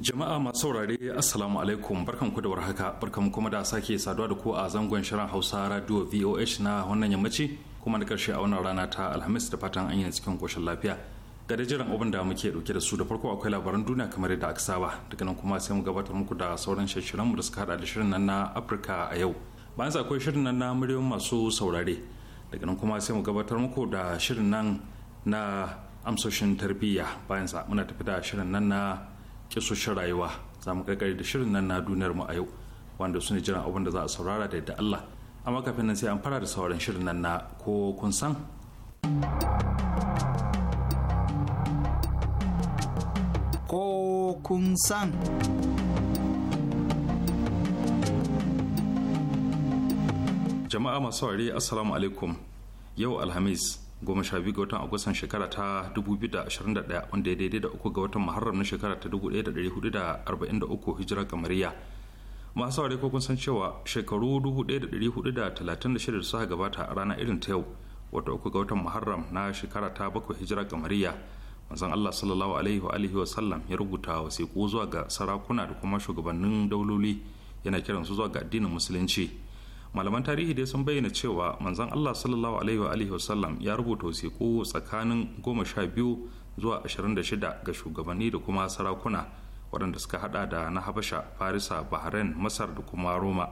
Jama'a masu saurare Assalamu alaikum barkanku da warhaka barkanku kuma da sake saduwa da ku a zangon shirin Hausa Radio VOH na wannan yammaci kuma na karshe a wannan rana ta Alhamis da fatan an yi cikin koshin lafiya. Ga da jiran abin da muke dauke da su da farko akwai labaran duniya kamar yadda aka saba daga nan kuma sai mu gabatar muku da sauran shirin da suka hada da shirin nan na Afirka a yau. Bayan sa akwai shirin nan na muryoyin masu saurare daga nan kuma sai mu gabatar muku da shirin nan na amsoshin tarbiyya bayan sa muna tafi da shirin nan na kisoshin rayuwa za mu kakari da shirin nan na duniyar mu a yau wanda su ne jiran abin da za a saurara da yadda Allah amma kafin nan sai an fara da sauran shirin nan na ko kun san ko kun san jama'a masu wari assalamu alaikum yau alhamis goma sha biyu ga watan agustan shekara ta 2021 wanda ya daidai da uku ga watan muharram na shekara ta 1443 hijira kamariya masu saurari ko kun san cewa shekaru 1436 da suka gabata a rana irin ta yau wata uku ga watan muharram na shekara ta bakwai hijira kamariya manzon Allah sallallahu alaihi wa alihi wa sallam ya rubuta wasiƙu zuwa ga sarakuna da kuma shugabannin dauloli yana kiransu zuwa ga addinin musulunci malaman tarihi dai sun bayyana cewa manzon Allah sallallahu alaihi wa alihi wasallam ya rubuta wasiƙu tsakanin goma sha biyu zuwa 26 ga shugabanni da kuma sarakuna waɗanda suka hada da na habasha farisa bahrain masar da kuma roma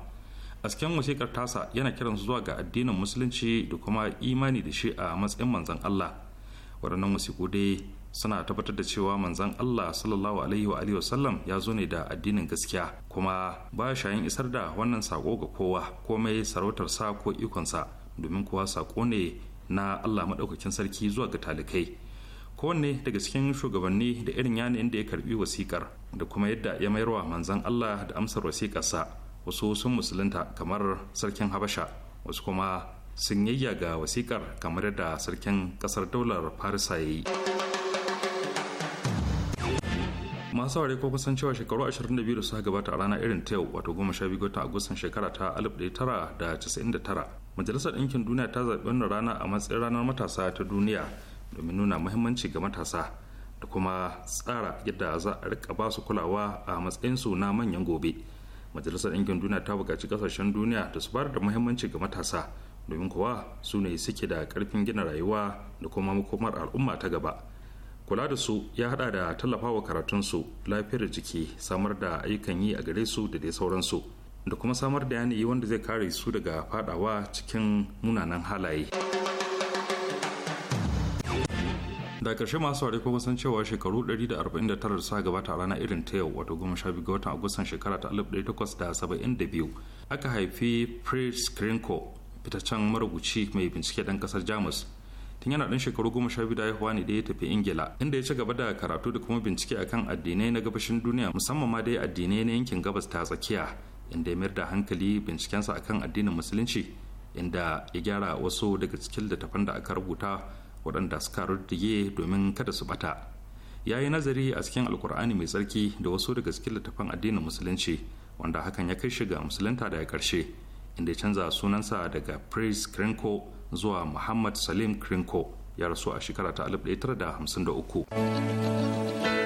a cikin wasiƙar tasa yana kiran su zuwa ga addinin musulunci da kuma imani da shi a matsayin manzon allah waɗannan wasiƙu dai suna tabbatar da cewa manzon Allah sallallahu alaihi wa alihi wasallam ya zo ne da addinin gaskiya kuma ba shayin isar da wannan sako ga kowa komai sarautar sa ko ikonsa domin kowa sako ne na Allah madaukakin sarki zuwa ga talikai kowanne daga cikin shugabanni da irin yanayin da ya karbi wasikar da kuma yadda ya mayarwa manzon Allah da amsar sa wasu sun musulunta kamar sarkin Habasha wasu kuma sun ga wasikar kamar da sarkin kasar daular Farisa ya yi. masu saurari ko kusan cewa shekaru 22 da suka gabata a rana irin ta yau wato 12 ga agustan shekara ta 1999 majalisar ɗinkin duniya ta zaɓi wannan rana a matsayin ranar matasa ta duniya domin nuna muhimmanci ga matasa da kuma tsara yadda za a rika ba su kulawa a matsayinsu na manyan gobe majalisar ɗinkin duniya ta buƙaci ƙasashen duniya da su bayar da muhimmanci ga matasa domin kuwa su ne suke da ƙarfin gina rayuwa da kuma makomar al'umma ta gaba kula da su ya hada da tallafa tallafawa karatunsu lafiyar jiki samar da ayyukan yi a gare su da dai sauransu da kuma samar da yanayi wanda zai kare su daga fadawa cikin munanan halaye da ƙarshe masu saurari kuma san cewa shekaru 149 da sa gabata a ranar irin ta yau wato biyu ga watan agustan shekara ta 1872 aka haifi prince krenko fitaccen marubuci mai bincike ɗan ƙasar jamus tun yana ɗan shekaru goma sha biyu da haihuwa ne da ya tafi ingila inda ya ci gaba da karatu da kuma bincike akan addinai na gabashin duniya musamman ma dai addinai na yankin gabas ta tsakiya inda ya mayar da hankali bincikensa akan addinin musulunci inda ya gyara wasu daga cikin littattafan da aka rubuta waɗanda suka rurdige domin kada su bata ya yi nazari a cikin alkur'ani mai tsarki da wasu daga cikin littattafan addinin musulunci wanda hakan ya kai shi ga musulunta ya karshe inda ya canza sunansa daga prince krenko zuwa muhammad salim krenko ya rasu a shekara ta 1953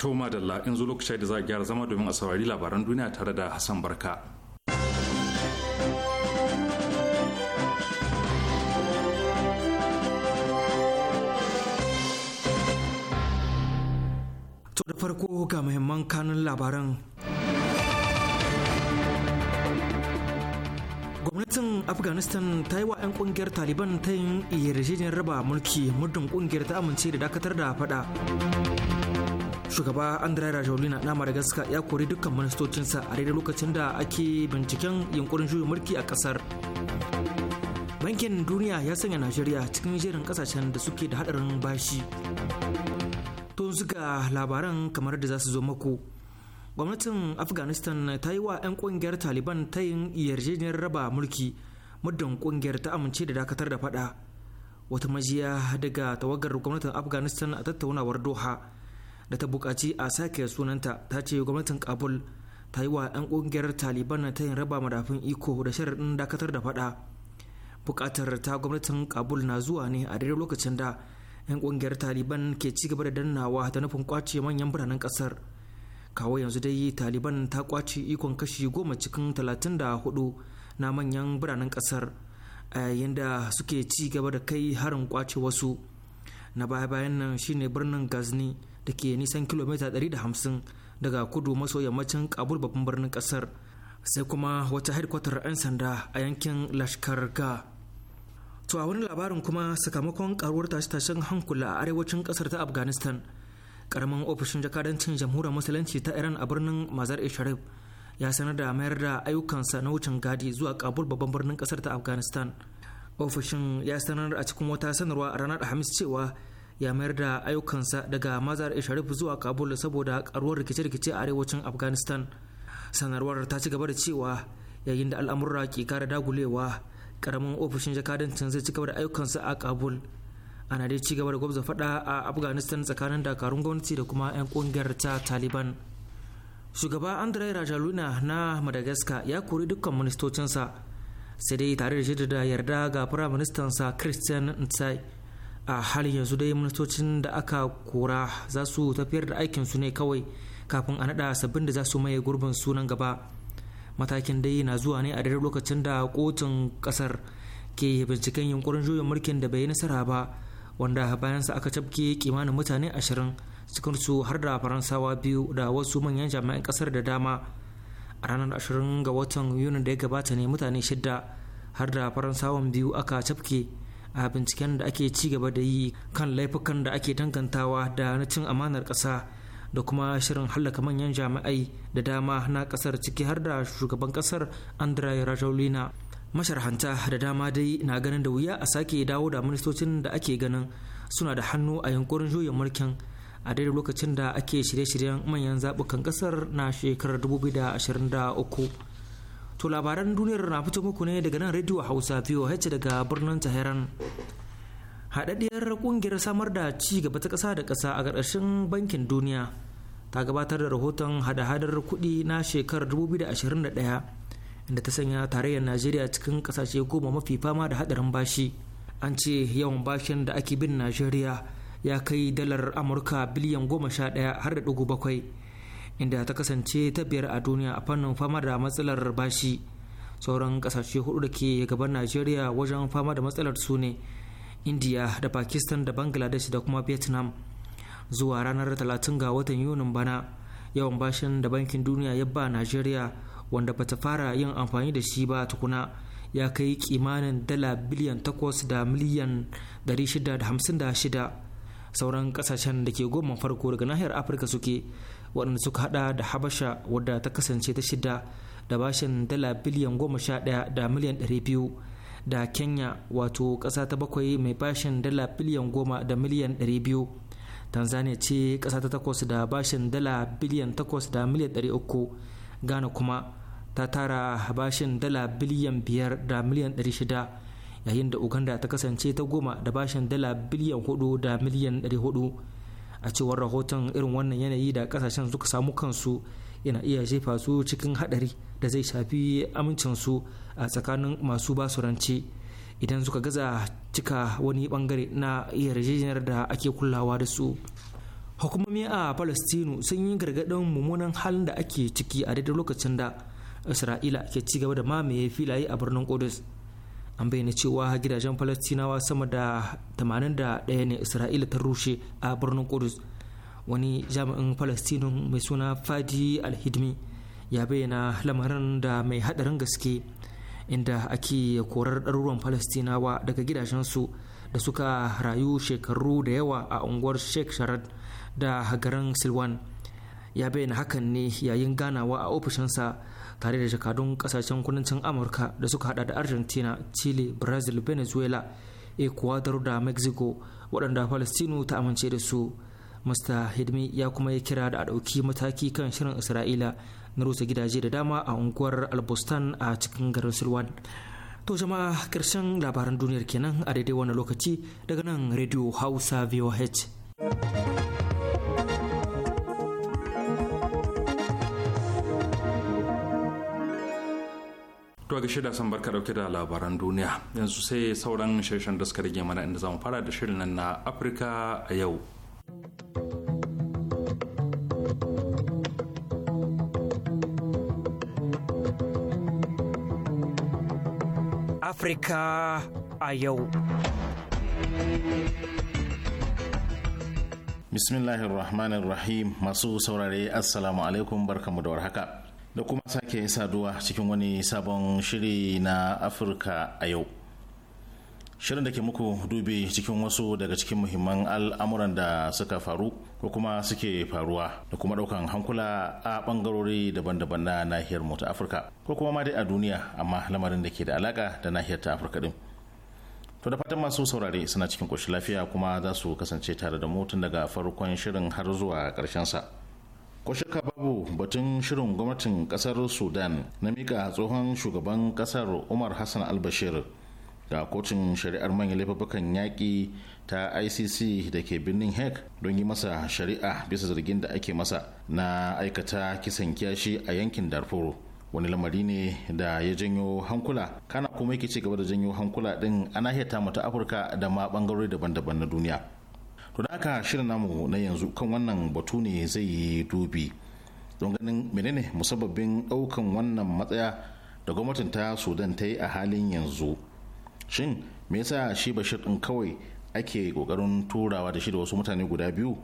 To madalla in zo lokaci da za a gyara zama domin a saurari labaran duniya tare da Hassan Barka. To da farko ga muhimman kanun labaran. gwamnatin afghanistan ta yi wa 'yan kungiyar taliban ta yin yarjejeniyar raba mulki muddin kungiyar ta amince da dakatar da fada shugaba andrei rajolina na madagascar ya kori dukkan ministocinsa a daidai lokacin da ake binciken yunkurin juyin mulki a kasar bankin duniya ya sanya najeriya cikin jerin kasashen da suke da hadarin bashi to suka labaran kamar da za su zo mako gwamnatin afghanistan ta yi wa 'yan kungiyar taliban ta yin yarjejeniyar raba mulki muddin kungiyar ta amince da dakatar da fada wata majiya daga tawagar gwamnatin afghanistan a tattaunawar doha da ta bukaci a sake sunanta ta ce gwamnatin kabul ta yi wa 'yan ƙungiyar taliban ta yin raba madafin iko da sharaɗin dakatar da faɗa buƙatar ta gwamnatin kabul na zuwa ne a daidai lokacin da 'yan ƙungiyar taliban ke ci gaba da dannawa da nufin kwace manyan biranen kasar kawo yanzu dai taliban ta kwace ikon kashi goma cikin talatin da hudu na manyan biranen kasar a yayin da suke ci gaba da kai harin kwace wasu na baya-bayan nan shine birnin gazni da ke nisan kilomita 150 daga kudu maso yammacin kabul babban birnin kasar sai kuma wata headquarter 'yan sanda a yankin lashkar ga to a wani labarin kuma sakamakon karuwar tashe-tashen hankula a arewacin kasar ta afghanistan karamin ofishin jakadancin jamhuriyar musulunci ta iran a birnin mazar e sharif ya sanar da mayar da ayyukansa na wucin gadi zuwa kabul babban birnin kasar ta afghanistan ofishin ya sanar a cikin wata sanarwa a ranar alhamis cewa ya mayar da ayyukansa daga mazar sharif zuwa kabul saboda karuwar rikice-rikice a arewacin afghanistan sanarwar ta ci gaba da cewa yayin da al'amurra ke kara dagulewa karamin ofishin jakadancin zai ci gaba da ayyukansa a kabul ana dai ci gaba da gwabza fada a afghanistan tsakanin dakarun gwamnati da kuma 'yan kungiyar ta taliban shugaba andrei rajaluna na madagascar ya kori dukkan ministocinsa sai dai tare da shaidar da yarda ga firaministansa christian ntsai a har yanzu dai ministocin da aka kora za su tafiyar da aikinsu ne kawai kafin a naɗa sabbin da za su maye gurbin sunan gaba matakin dai na zuwa ne a daidai lokacin da kotun kasar ke binciken yunkurin juyin mulkin da bai yi nasara ba wanda bayansa aka cafke kimanin mutane ashirin cikin su har da faransawa biyu da wasu manyan jami'an kasar da dama a ranar ashirin ga watan yuni da ya gabata ne mutane shidda har da faransawan biyu aka cafke a binciken da ake ci gaba da yi kan laifukan da ake dangantawa da na cin amanar ƙasa da kuma shirin hallaka manyan jami'ai da dama na kasar ciki har da shugaban ƙasar andrei rajolina masharhanta da dama dai na ganin da wuya a sake dawo da ministocin da ake ganin suna da hannu a yankurin juyin mulkin a daidai lokacin da ake shirye-shiryen manyan zabukan ƙasar na shekarar 2023 To labaran duniyar na fito muku ne daga nan Radio Hausa VOH daga birnin Tehran. Haɗaɗɗiyar ƙungiyar samar da ci gaba ta ƙasa da ƙasa a ƙarƙashin bankin duniya ta gabatar da rahoton hada-hadar kuɗi na shekarar 2021 inda ta sanya tarayyar Najeriya cikin ƙasashe goma mafi fama da haɗarin bashi. An ce yawan bashin da ake bin Najeriya ya kai dalar Amurka biliyan goma sha ɗaya har da ɗigo bakwai. inda ta kasance ta biyar a duniya a fannin fama da matsalar bashi sauran kasashe hudu da ke gaban najeriya wajen fama da matsalar su ne india da pakistan da bangladesh da kuma vietnam zuwa ranar 30 ga watan yunin bana yawan bashin da bankin duniya ya ba najeriya wanda bata fara yin amfani da shi ba tukuna ya kai kimanin dala biliyan 8 da miliyan 656 sauran kasashen da ke goma farko daga nahiyar afirka suke waɗanda suka hada da habasha wadda ta kasance ta shida da bashin dala biliyan goma sha ɗaya da miliyan ɗari biyu da kenya wato ƙasa ta bakwai mai bashin dala biliyan goma da miliyan ɗari biyu tanzania ce ƙasa ta takwas da bashin dala biliyan takwas da miliyan ɗari uku ghana kuma ta tara bashin dala biliyan biyar da miliyan ɗari shida yayin da uganda ta kasance ta goma da bashin dala biliyan hudu da miliyan ɗari hudu a cewar rahoton irin wannan yanayi da kasashen suka samu kansu yana iya jefa su cikin hadari da zai shafi amincinsu a tsakanin masu basuranci idan suka gaza cika wani bangare na yarjejeniyar da ake kulawa da su hukumomi a palestinu sun yi gargadin mummunan halin da ake ciki a daidai lokacin da isra'ila ke ci gaba da mamaye filaye a birnin kudus an bayyana cewa gidajen falastinawa sama da 81 ne isra'ila ta rushe a birnin kudus wani jami'in falastinin mai suna fadi alhidmi ya bayyana lamarin da mai hadarin gaske inda ake korar ɗaruruwan falastinawa daga gidajensu da suka rayu shekaru da yawa a unguwar sheikh sharad da garin silwan ya bayyana hakan ne yayin ganawa a ofishinsa tare da jakadun kasashen kudancin amurka da suka hada da argentina chile brazil venezuela ecuador da mexico waɗanda palestino ta amince da su mr hidmi ya kuma yi kira da a ɗauki mataki kan shirin isra'ila na rusa gidaje da dama a unguwar albustan a cikin garin silwan to jama'a ƙarshen labaran duniyar kenan a daidai wani lokaci daga nan radio hausa voh To ga shida san barka dauke da labaran duniya yanzu sai sauran shirin da suka rage mana inda zamu fara da shirin nan na Afirka a yau. Afirka a yau. Bismillahirrahmanirrahim masu saurare Assalamu alaikum barkamu da warhaka. da kuma sake saduwa cikin wani sabon shiri na afirka a yau shirin da ke muku dubi cikin wasu daga cikin muhimman al'amuran da suka faru ko kuma suke faruwa da kuma daukan hankula a bangarori daban-daban na nahiyar mu ta afirka ko kuma ma dai a duniya amma lamarin da ke da alaka da nahiyar ta afirka din to da fatan masu saurare suna cikin ƙoshin lafiya kuma za su kasance tare da mu daga farkon shirin har zuwa ƙarshen sa ko shaka babu batun shirin gwamnatin kasar sudan na mika tsohon shugaban kasar umar hassan albashir ga kotun shari'ar manyan laifukan yaƙi ta icc da ke birnin hek don yi masa shari'a bisa zargin da ake masa na aikata kisan kiyashi a yankin darfur wani lamari ne da ya janyo hankula kana kuma yake ci gaba da janyo hankula din a nahiyar tamu ta afirka da ma bangarori daban-daban na duniya to da aka shirin namu na yanzu kan wannan batu ne zai yi dubi don ganin menene musabbabin daukan wannan matsaya da gwamnatin ta sudan ta yi a halin yanzu shin me yasa shi bashir din kawai ake kokarin turawa da shi da wasu mutane guda biyu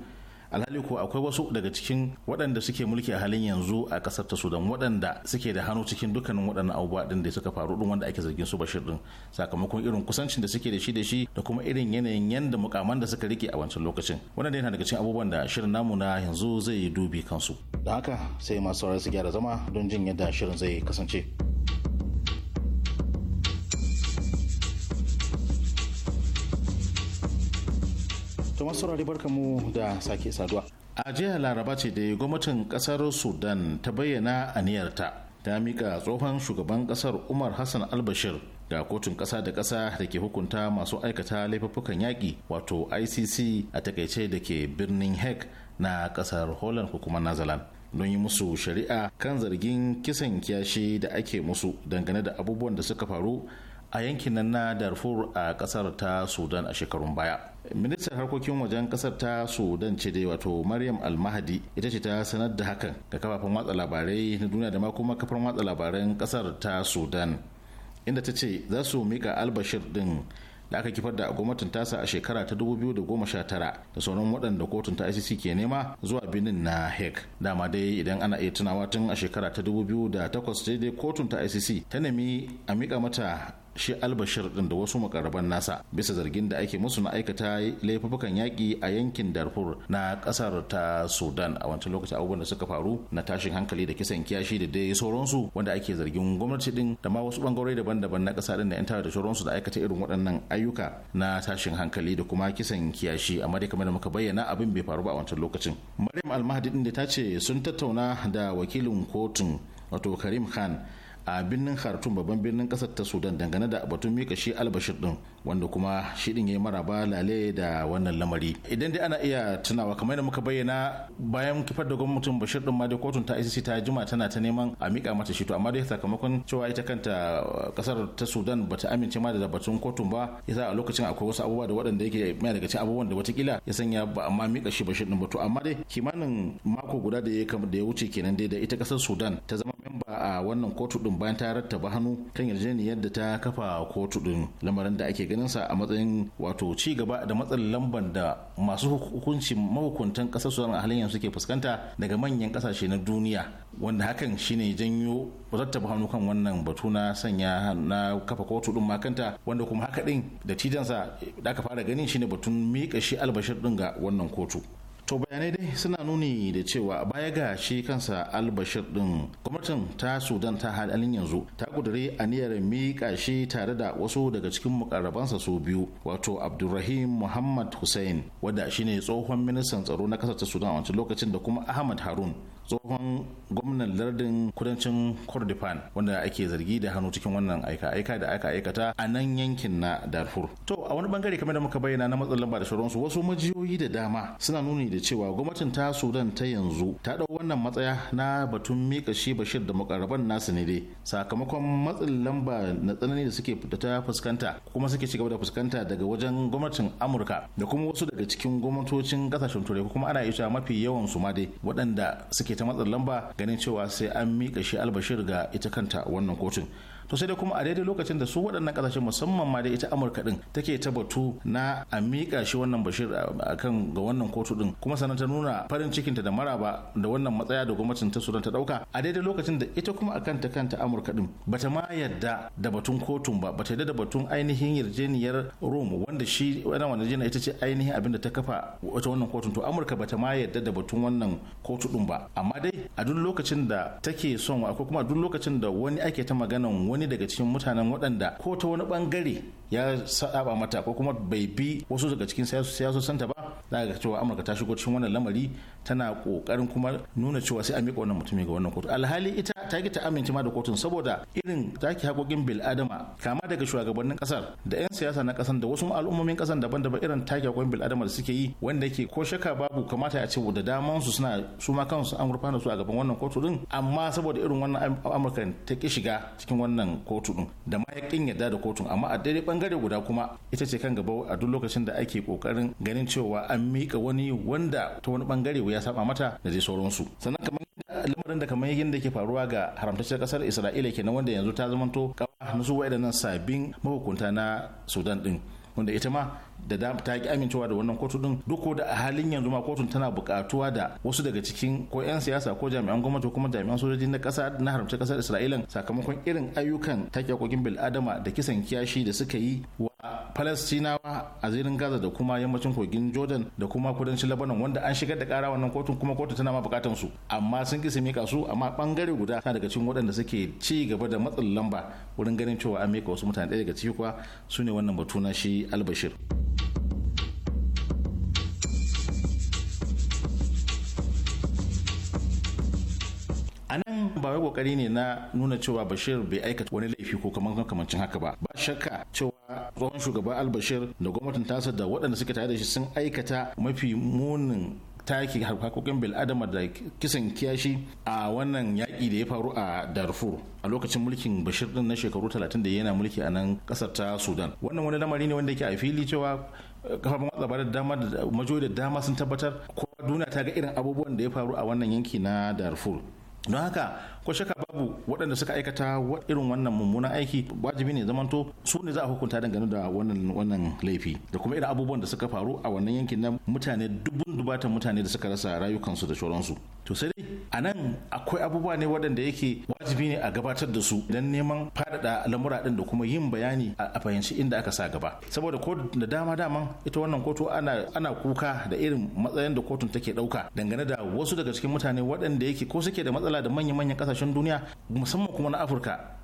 alhali ko akwai wasu daga cikin waɗanda suke mulki a halin yanzu a ƙasar ta sudan waɗanda suke da hannu cikin dukkanin waɗannan abubuwa ɗin da suka faru ɗin wanda ake zargin su bashir ɗin sakamakon irin kusancin da suke da shi da shi da kuma irin yanayin yanda mukaman da suka rike a wancan lokacin waɗanda yana daga cikin abubuwan da shirin namu na yanzu zai dubi kansu da haka sai masu sauran su gyara zama don jin yadda shirin zai kasance. kamar saurari barka mu da sake saduwa. A jihar Laraba ce da gwamnatin kasar Sudan ta bayyana aniyarta ta mika tsohon shugaban kasar Umar Hassan Albashir ga kotun ƙasa da ƙasa da ke hukunta masu aikata laifuffukan yaƙi wato ICC a takaice da ke birnin heck na ƙasar Holland hukumar kuma don yi musu shari'a kan zargin kisan kiyashi da ake musu dangane da abubuwan da suka faru a yankin na Darfur a kasar ta Sudan a shekarun baya. ministan harkokin wajen kasar ta sudan ce dai wato maryam almahadi ita ce ta sanar da hakan ga kafafen watsa labarai na duniya da ma kuma kafar watsa labaran kasar ta sudan inda ta ce za su mika albashir din da aka kifar da gwamnatin tasa a shekara ta 2019 da sauran waɗanda kotun ta ICC ke nema zuwa binin na Hague. Dama dai idan ana iya tunawa tun a shekara ta 2008 dai kotun ta ICC ta nemi a mika mata shi albashir din da wasu makaraban nasa bisa zargin da ake musu na aikata laifukan yaƙi a yankin darfur na ƙasar ta sudan a wancan lokaci abubuwan da suka faru na tashin hankali da kisan kiyashi da dai sauransu wanda ake zargin gwamnati din da ma wasu bangarori daban-daban na ƙasa din da yan da sauransu da aikata irin waɗannan ayyuka na tashin hankali da kuma kisan kiyashi amma dai kamar da muka bayyana abin bai faru ba a wancan lokacin maryam almahdi din da ta ce sun tattauna da wakilin kotun wato karim khan a birnin khartoum babban birnin kasar ta sudan dangane da batun mika shi albashir din wanda kuma shi din maraba lale da wannan lamari idan dai ana iya tunawa kamar yadda muka bayyana bayan kifar da gwamnatin bashir din ma dai kotun ta ICC ta jima tana ta neman a mika mata shi to amma dai sakamakon cewa ita kanta kasar uh, ta sudan bata amince ma da batun kotun ba yasa a lokacin akwai wasu abubuwa da waɗanda yake mai daga cikin abubuwan da watakila ya sanya ba amma mika shi bashir din ba to amma dai kimanin mako guda da ya wuce kenan dai da ita kasar sudan ta zama a wannan kotu din bayan ta rattaba hannu kan yarjejeniyar da ta kafa kotu din lamarin da ake ganin sa a matsayin wato ci gaba da matsin lamban da masu hukunci mahukuntan kasar Sudan a halin yanzu suke fuskanta daga manyan kasashe na duniya wanda hakan shine janyo rattaba hannu kan wannan batu na sanya na kafa kotu din makanta wanda kuma haka din da tijansa da aka fara ganin shine batun mika shi albashir din ga wannan kotu to bayanai dai suna nuni da cewa baya ga shi kansa albashir din gwamnatin ta sudan ta halin yanzu ta a aniyar miƙa shi tare da wasu daga cikin mukarrabansa su biyu wato abdulrahim muhammad hussein wadda shine tsohon ministan tsaro na kasar ta sudan a wancan lokacin da kuma ahmad harun tsohon gwamnan lardin kudancin kordofan wanda ake zargi da hannu cikin wannan aika-aika da aka aikata a nan yankin na darfur to a wani bangare kamar da muka bayyana na matsalar lamba da sauransu wasu majiyoyi da dama suna nuni da cewa gwamnatin ta sudan ta yanzu ta dau wannan matsaya na batun mika shi bashir da mukarraban nasu ne dai sakamakon matsin lamba na tsanani da suke da ta fuskanta kuma suke cigaba da fuskanta daga wajen gwamnatin amurka da kuma wasu daga cikin gwamnatocin kasashen turai kuma ana iya mafi yawan su ma dai waɗanda suke ta matsin lamba ganin cewa sai an miƙa shi albashir ga ita kanta wannan kotun to sai dai kuma a daidai lokacin da su waɗannan ƙasashen musamman ma da ita amurka ɗin take ta batu na a miƙa shi wannan bashir a kan ga wannan kotu din kuma sannan ta nuna farin cikinta da maraba da wannan matsaya da gwamnatin ta sudan ta ɗauka a daidai lokacin da ita kuma akan ta kanta amurka ɗin bata ma yadda da batun kotun ba bata yadda da batun ainihin yarjeniyar rome wanda shi wannan wannan ita ce ainihin abin da ta kafa wata wannan kotun to amurka bata ma yadda da batun wannan kotu ɗin ba amma dai a duk lokacin da take son akwai kuma a duk lokacin da wani ake ta maganan wani daga cikin mutanen waɗanda ko ta wani bangare ya saɓa mata ko kuma bai bi wasu daga cikin siyasosanta ba za ga cewa amurka ta shigo cikin wannan lamari tana kokarin kuma nuna cewa sai a miƙa wannan mutumin ga wannan kotu alhali ita ta ki ta amince ma da kotun saboda irin take hakokin bil adama kama daga shugabannin kasar da 'yan siyasa na kasar da wasu al'ummomin kasar daban-daban irin take hakokin bil adama da suke yi wanda ke ko shaka babu kamata a ce da daman su suna su ma kansu an gurfana su a gaban wannan kotu din amma saboda irin wannan amurka ta ki shiga cikin wannan kotu din da ma ya yadda da kotun amma a daidai bangare guda kuma ita ce kan gaba a duk lokacin da ake kokarin ganin cewa an mika wani wanda ta wani bangare ya saba mata da dai sauransu sannan kamar lamarin da kamar yadda ke faruwa ga haramtacciyar kasar isra'ila kenan wanda yanzu ta zamanto kawa na su nan sabbin mahukunta na sudan din wanda ita ma da ta ki amincewa da wannan kotu din duk da a halin yanzu ma kotun tana bukatuwa da wasu daga cikin ko 'yan siyasa ko jami'an gwamnati kuma jami'an sojoji na kasa na haramta kasar isra'ilan sakamakon irin ayyukan take hakokin bil'adama da kisan kiyashi da suka yi wa Falastinawa a zirin Gaza da kuma yammacin kogin Jordan da kuma kudancin Lebanon wanda an shigar da kara wannan kotun kuma kotu tana ma bukatan su amma sun kisa mika su amma bangare guda na daga cikin waɗanda suke ci gaba da matsin lamba wurin ganin cewa an mika wasu mutane daga ciki kuwa su ne wannan batu na shi Albashir. anan nan ba wai kokari ne na nuna cewa bashir bai aikata wani laifi ko kamar kamancin haka ba ba shakka cewa tsohon shugaba albashir da gwamnatin tasa da waɗanda suke tare da shi sun aikata mafi munin taki harkokin bil'adama da kisan kiyashi a wannan yaƙi da ya faru a darfur a lokacin mulkin bashir din na shekaru 30 da yana mulki a nan ƙasar ta sudan wannan wani lamari ne wanda yake a fili cewa eh, kafafen watsa da dama da majoyi da dama sun tabbatar kowa duniya ta ga irin abubuwan da ya faru a wannan yanki na darfur Don haka ko shaka babu waɗanda suka aikata irin wannan mummunan aiki wajibi ne zamanto su ne za a hukunta dangane da wannan laifi da kuma irin abubuwan da suka faru a wannan yankin na mutane dubun dubatan mutane da suka rasa rayukansu da shoransu to sai dai a nan akwai abubuwa ne waɗanda yake wajibi ne a gabatar da su idan neman faɗaɗa lamura ɗin da kuma yin bayani a fahimci inda aka sa gaba saboda ko da dama daman ita wannan kotu ana kuka da irin matsayin da kotun take ɗauka dangane da wasu daga cikin mutane waɗanda yake ko suke da matsala da manya-manyan ƙasashe kasashen duniya musamman kuma na afirka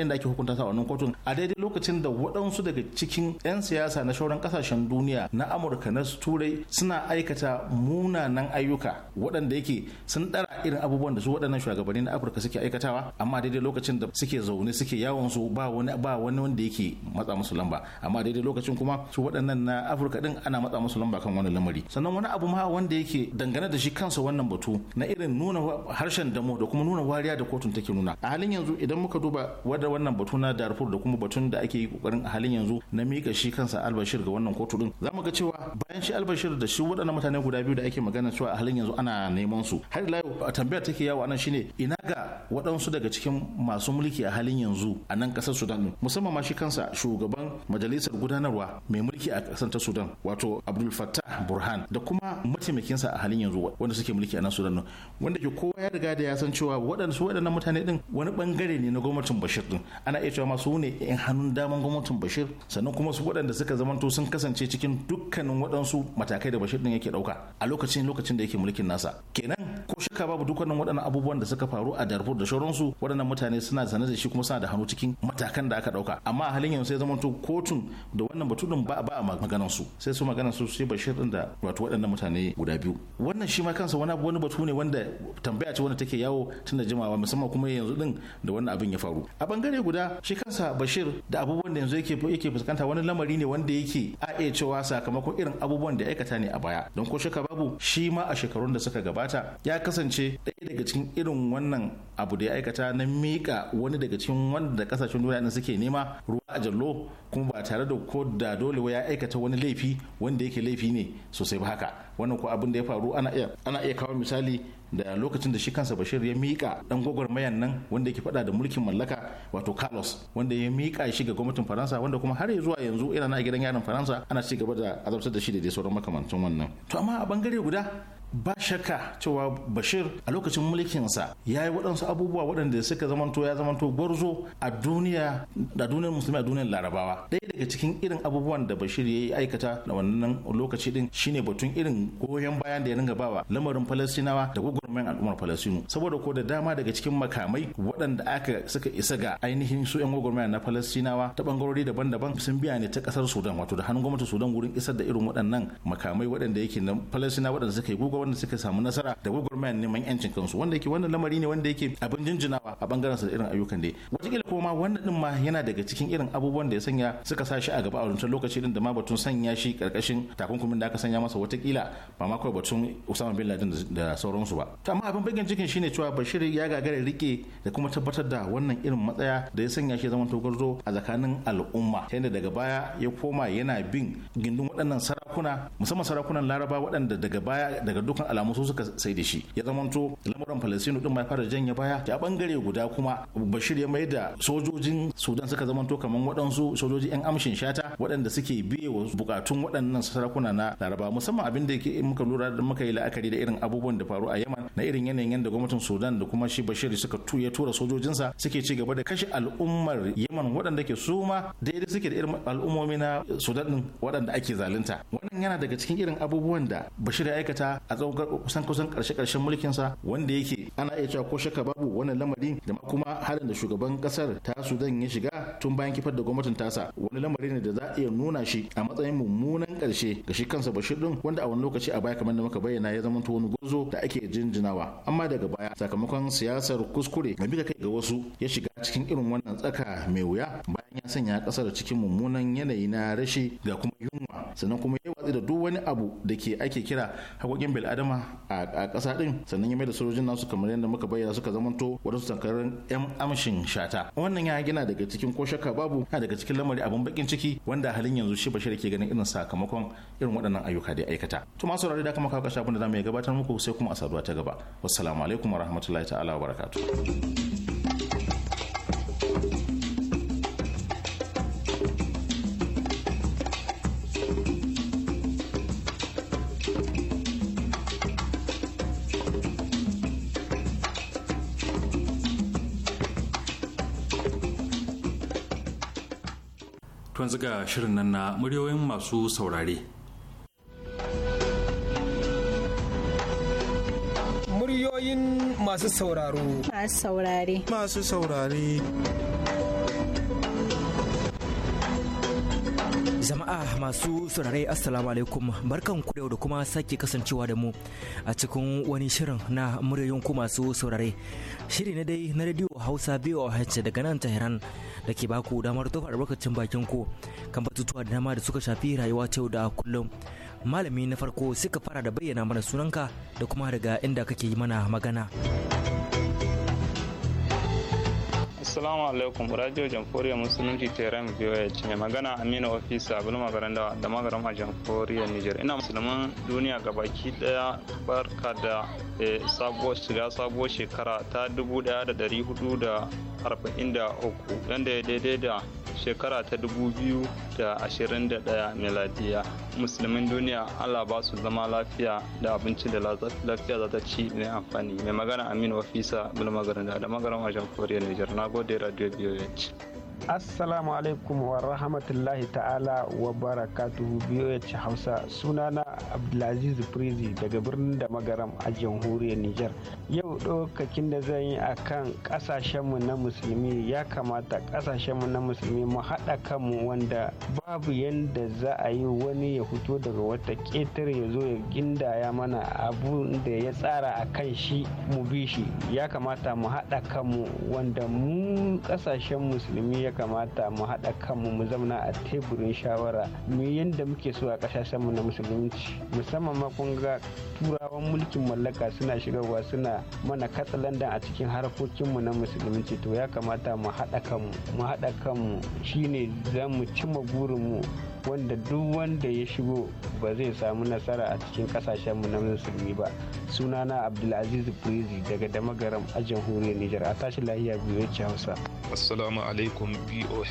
inda ake hukunta sa wannan kotun a daidai lokacin da waɗansu daga cikin 'yan siyasa na shauran kasashen duniya na amurka na turai suna aikata munanan ayyuka waɗanda yake sun ɗara irin abubuwan da su waɗannan shugabanni na afirka suke aikatawa amma daidai lokacin da suke zaune suke yawon su ba wani ba wani wanda yake matsa musu lamba amma daidai lokacin kuma su waɗannan na afirka din ana matsa musu lamba kan wani lamari sannan wani abu ma wanda yake dangane da shi kansa wannan batu na irin nuna harshen damo da kuma nuna wariya da kotun take nuna a halin yanzu idan muka duba ba wadda wannan batu na darfur da kuma batun da ake yi kokarin a halin yanzu na mika shi kansa albashir ga wannan kotu din zamu ga cewa bayan shi albashir da shi waɗannan mutane guda biyu da ake magana cewa a halin yanzu ana neman su har ila yau tambayar take yawo anan shine ina ga waɗansu daga cikin masu mulki a halin yanzu a nan ƙasar sudan din musamman ma shi kansa shugaban majalisar gudanarwa mai mulki a ƙasar ta sudan wato abdul fattah burhan da kuma mataimakinsa a halin yanzu wanda suke mulki a nan sudan wanda ke kowa ya riga da ya san cewa waɗansu waɗannan mutane din wani bangare ne na gwamnati gwamnatin bashir din ana iya cewa ma su ne yan hannun daman gwamnatin bashir sannan kuma su waɗanda suka zamanto sun kasance cikin dukkanin waɗansu matakai da bashir din yake ɗauka a lokacin lokacin da yake mulkin nasa kenan ko shaka babu dukkanin waɗannan abubuwan da suka faru a darfur da su waɗannan mutane suna zane da shi kuma suna da hannu cikin matakan da aka ɗauka amma a halin yanzu sai zama to kotun da wannan batun ba ba a maganar su sai su maganar su sai bashir din da wato waɗannan mutane guda biyu wannan shi ma kansa wani abu wani batu ne wanda tambaya ce wanda take yawo tun jimawa musamman kuma yanzu din da wannan abin ya faru a bangare guda shi kansa bashir da abubuwan da yanzu yake yake fuskanta wani lamari ne wanda yake a iya cewa sakamakon irin abubuwan da aikata ne a baya don ko shaka babu shi ma a shekarun da suka gabata ya ya kasance ɗaya daga cikin irin wannan abu da ya aikata na mika wani daga cikin wanda kasashen duniya ɗin suke nema ruwa a jallo kuma ba tare da ko da dole ya aikata wani laifi wanda yake laifi ne sosai ba haka wannan ko abin da ya faru ana iya ana iya kawo misali da lokacin da shi kansa Bashir ya miƙa dan gwagwarmayan nan wanda yake faɗa da mulkin mallaka wato Carlos wanda ya mika shi ga gwamnatin Faransa wanda kuma har zuwa yanzu ina na gidan yaron Faransa ana ci gaba da azabtar da shi da dai sauran makamancin wannan to amma a bangare guda ba shakka cewa bashir a lokacin mulkinsa ya yi waɗansu abubuwa waɗanda suka zamanto ya zamanto gwarzo a duniya da duniyar musulmi a duniyar larabawa ɗaya daga cikin irin abubuwan da bashir ya yi aikata da wannan lokaci din shine batun irin goyon bayan da ya ringa bawa lamarin falastinawa da gwagwarmayan al'ummar falastinu saboda ko da dama daga cikin makamai waɗanda aka suka isa ga ainihin su yan gwagwarmayan na falastinawa ta bangarori daban-daban sun biya ne ta ƙasar sudan wato da hannun gwamnatin sudan wurin isar da irin waɗannan makamai waɗanda yake na falastinawa waɗanda suka yi kuma wanda suka samu nasara da gwagwarmayar neman yancin kansu wanda yake wannan lamari ne wanda yake abin jinjinawa a bangaren sa da irin ayyukan da wataƙila kuma ma wannan din ma yana daga cikin irin abubuwan da ya sanya suka sa shi a gaba a wancan lokaci din da ma batun sanya shi karkashin takunkumin da aka sanya masa watakila ba ma kawai batun Usama bin Laden da sauransu ba to amma abin bakin cikin shine cewa Bashir ya gagara rike da kuma tabbatar da wannan irin matsaya da ya sanya shi zaman togarzo a tsakanin al'umma ta da daga baya ya koma yana bin gindin waɗannan sarakuna musamman sarakunan Laraba waɗanda daga baya daga dukkan alamu su suka sai da shi ya zamanto lamuran palestino din ma fara janye baya Ya bangare guda kuma bashir ya mai da sojojin sudan suka zamanto kamar waɗansu sojoji yan amshin shata waɗanda suke biye wa bukatun waɗannan sarakuna na laraba musamman abin da yake muka lura da muka yi la'akari da irin abubuwan da faru a yaman na irin yanayin yadda gwamnatin sudan da kuma shi bashir suka ya tura sojojinsa suke ci gaba da kashe al'ummar yaman waɗanda ke suma daidai suke da irin al'ummomi na sudan din waɗanda ake zalunta wannan yana daga cikin irin abubuwan da bashir ya aikata a kusan kusan karshe karshen mulkin sa wanda yake ana iya cewa ko shaka babu wannan lamarin da kuma halin da shugaban kasar ta sudan ya shiga tun bayan kifar da gwamnatin tasa wani lamari ne da za a iya nuna shi a matsayin mummunan karshe ga shi kansa bashir din wanda a wani lokaci a baya kamar da muka bayyana ya zama wani gurzo da ake jinjinawa amma daga baya sakamakon siyasar kuskure da bika kai ga wasu ya shiga cikin irin wannan tsaka mai wuya bayan ya sanya kasar cikin mummunan yanayi na rashi ga kuma yunwa sannan kuma ya watsi da duk wani abu da ke ake kira hakokin bil adama a ƙasa ɗin sannan ya mai da sojojin nasu kamar yadda muka bayyana suka zamanto wadansu tankarar yan amshin shata wannan ya gina daga cikin ko shakka babu na daga cikin lamari abin bakin ciki wanda halin yanzu shi bashir ke ganin irin sakamakon irin waɗannan ayyuka da aikata to masu saurare da kuma kaka shafin da zamu gabatar muku sai kuma a saduwa ta gaba wassalamu alaikum warahmatullahi ta'ala wabarakatuh tun ziga shirin nan na muryoyin masu saurare. Muryoyin masu sauraro. Masu saurare. Masu saurare. jama'a masu saurare assalamu alaikum barkan ku da kuma sake kasancewa da mu a cikin wani shirin na muryoyin ku masu saurare shiri na dai na radio hausa biyu a daga nan tehran da ke baku damar tofa albarkacin bakin ku kan batutuwa da dama da suka shafi rayuwa ta yau da kullum. Malami na farko suka fara da bayyana mana sunanka da kuma daga inda kake yi mana magana. Assalamu alaikum Radio Jamhuriyar Musulunci VOA ce mai magana Aminu Ofisa a Magaran da da magarama a Jamhuriyar Nijar. Ina musulman duniya gabaki daya barka da eh, shiga sabuwar shekara ta 1443 wanda ya daidai da shekara ta 2021 miladiya musulmin duniya allah ba su zama lafiya da abinci da lafiya za ta ci ne amfani mai magana aminu wafisa bulmagarin da da magaran wajen koriya nijar na gode radio biyoyi Assalamu alaikum wa rahmatullahi ta'ala wa barakatuhu ci Hausa sunana Abdulaziz Prezi daga birnin da magaram a jamhuriyar Nijar. Yau ɗaukakin da zan yi a kan ƙasashenmu na musulmi ya kamata ƙasashenmu na musulmi mu haɗa kanmu wanda babu yadda za a yi wani ya fito daga wata ƙetare ya zo ya gindaya mana abun da ya tsara a kan shi mu bi shi ya kamata mu haɗa kanmu wanda mu ƙasashen musulmi ya kamata mu haɗa kanmu mu zauna a teburin shawara mu yi yadda muke so a mu na musulunci musamman ma kun ga turawan mulkin mallaka suna shigarwa suna mana katsalandan a cikin harkokinmu na musulunci to ya kamata mu haɗa kanmu mu haɗa kanmu shine za mu cimma burinmu wanda duk wanda ya shigo ba zai samu nasara a cikin kasashenmu na musulmi ba sunana abdulaziz brizi daga damagaram a jamhuriyar nijar a tashi lahiya biyu ya hausa assalamu alaikum boh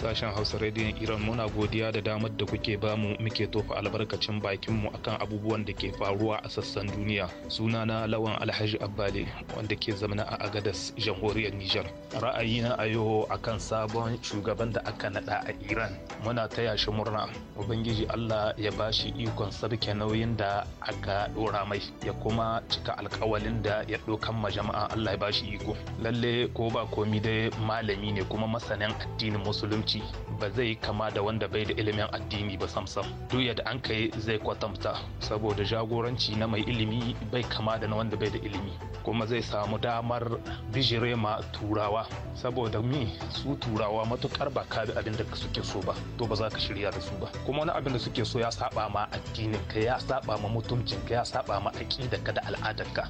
sashen hausa rediyon iran muna godiya da damar da kuke bamu muke tofa albarkacin bakinmu akan abubuwan da ke faruwa a sassan duniya sunana lawan alhaji abbali wanda ke zamana a agadas jamhuriyar nijar ra'ayina a yau akan sabon shugaban da aka naɗa a iran muna taya shi murna ubangiji allah ya bashi ikon sarke nauyin da aka dora mai ya kuma cika alkawalin da ya dokan ma jama'a allah ya ba shi iko lalle ko ba komi dai malami ne kuma masanin addinin musulunci ba zai kama da wanda bai da ilimin addini ba samsam duk yadda an kai zai kwatanta saboda jagoranci na mai ilimi bai kama da na wanda bai da ilimi kuma zai samu damar bijire ma turawa saboda mi su turawa matukar ba ka bi abin da suke so ba to ba za ka shirya da da su ba kuma wani abin da suke so ya saba ma addinin ka ya saba ma mutuncin ka ya saba ma aqidar ka da al'adar ka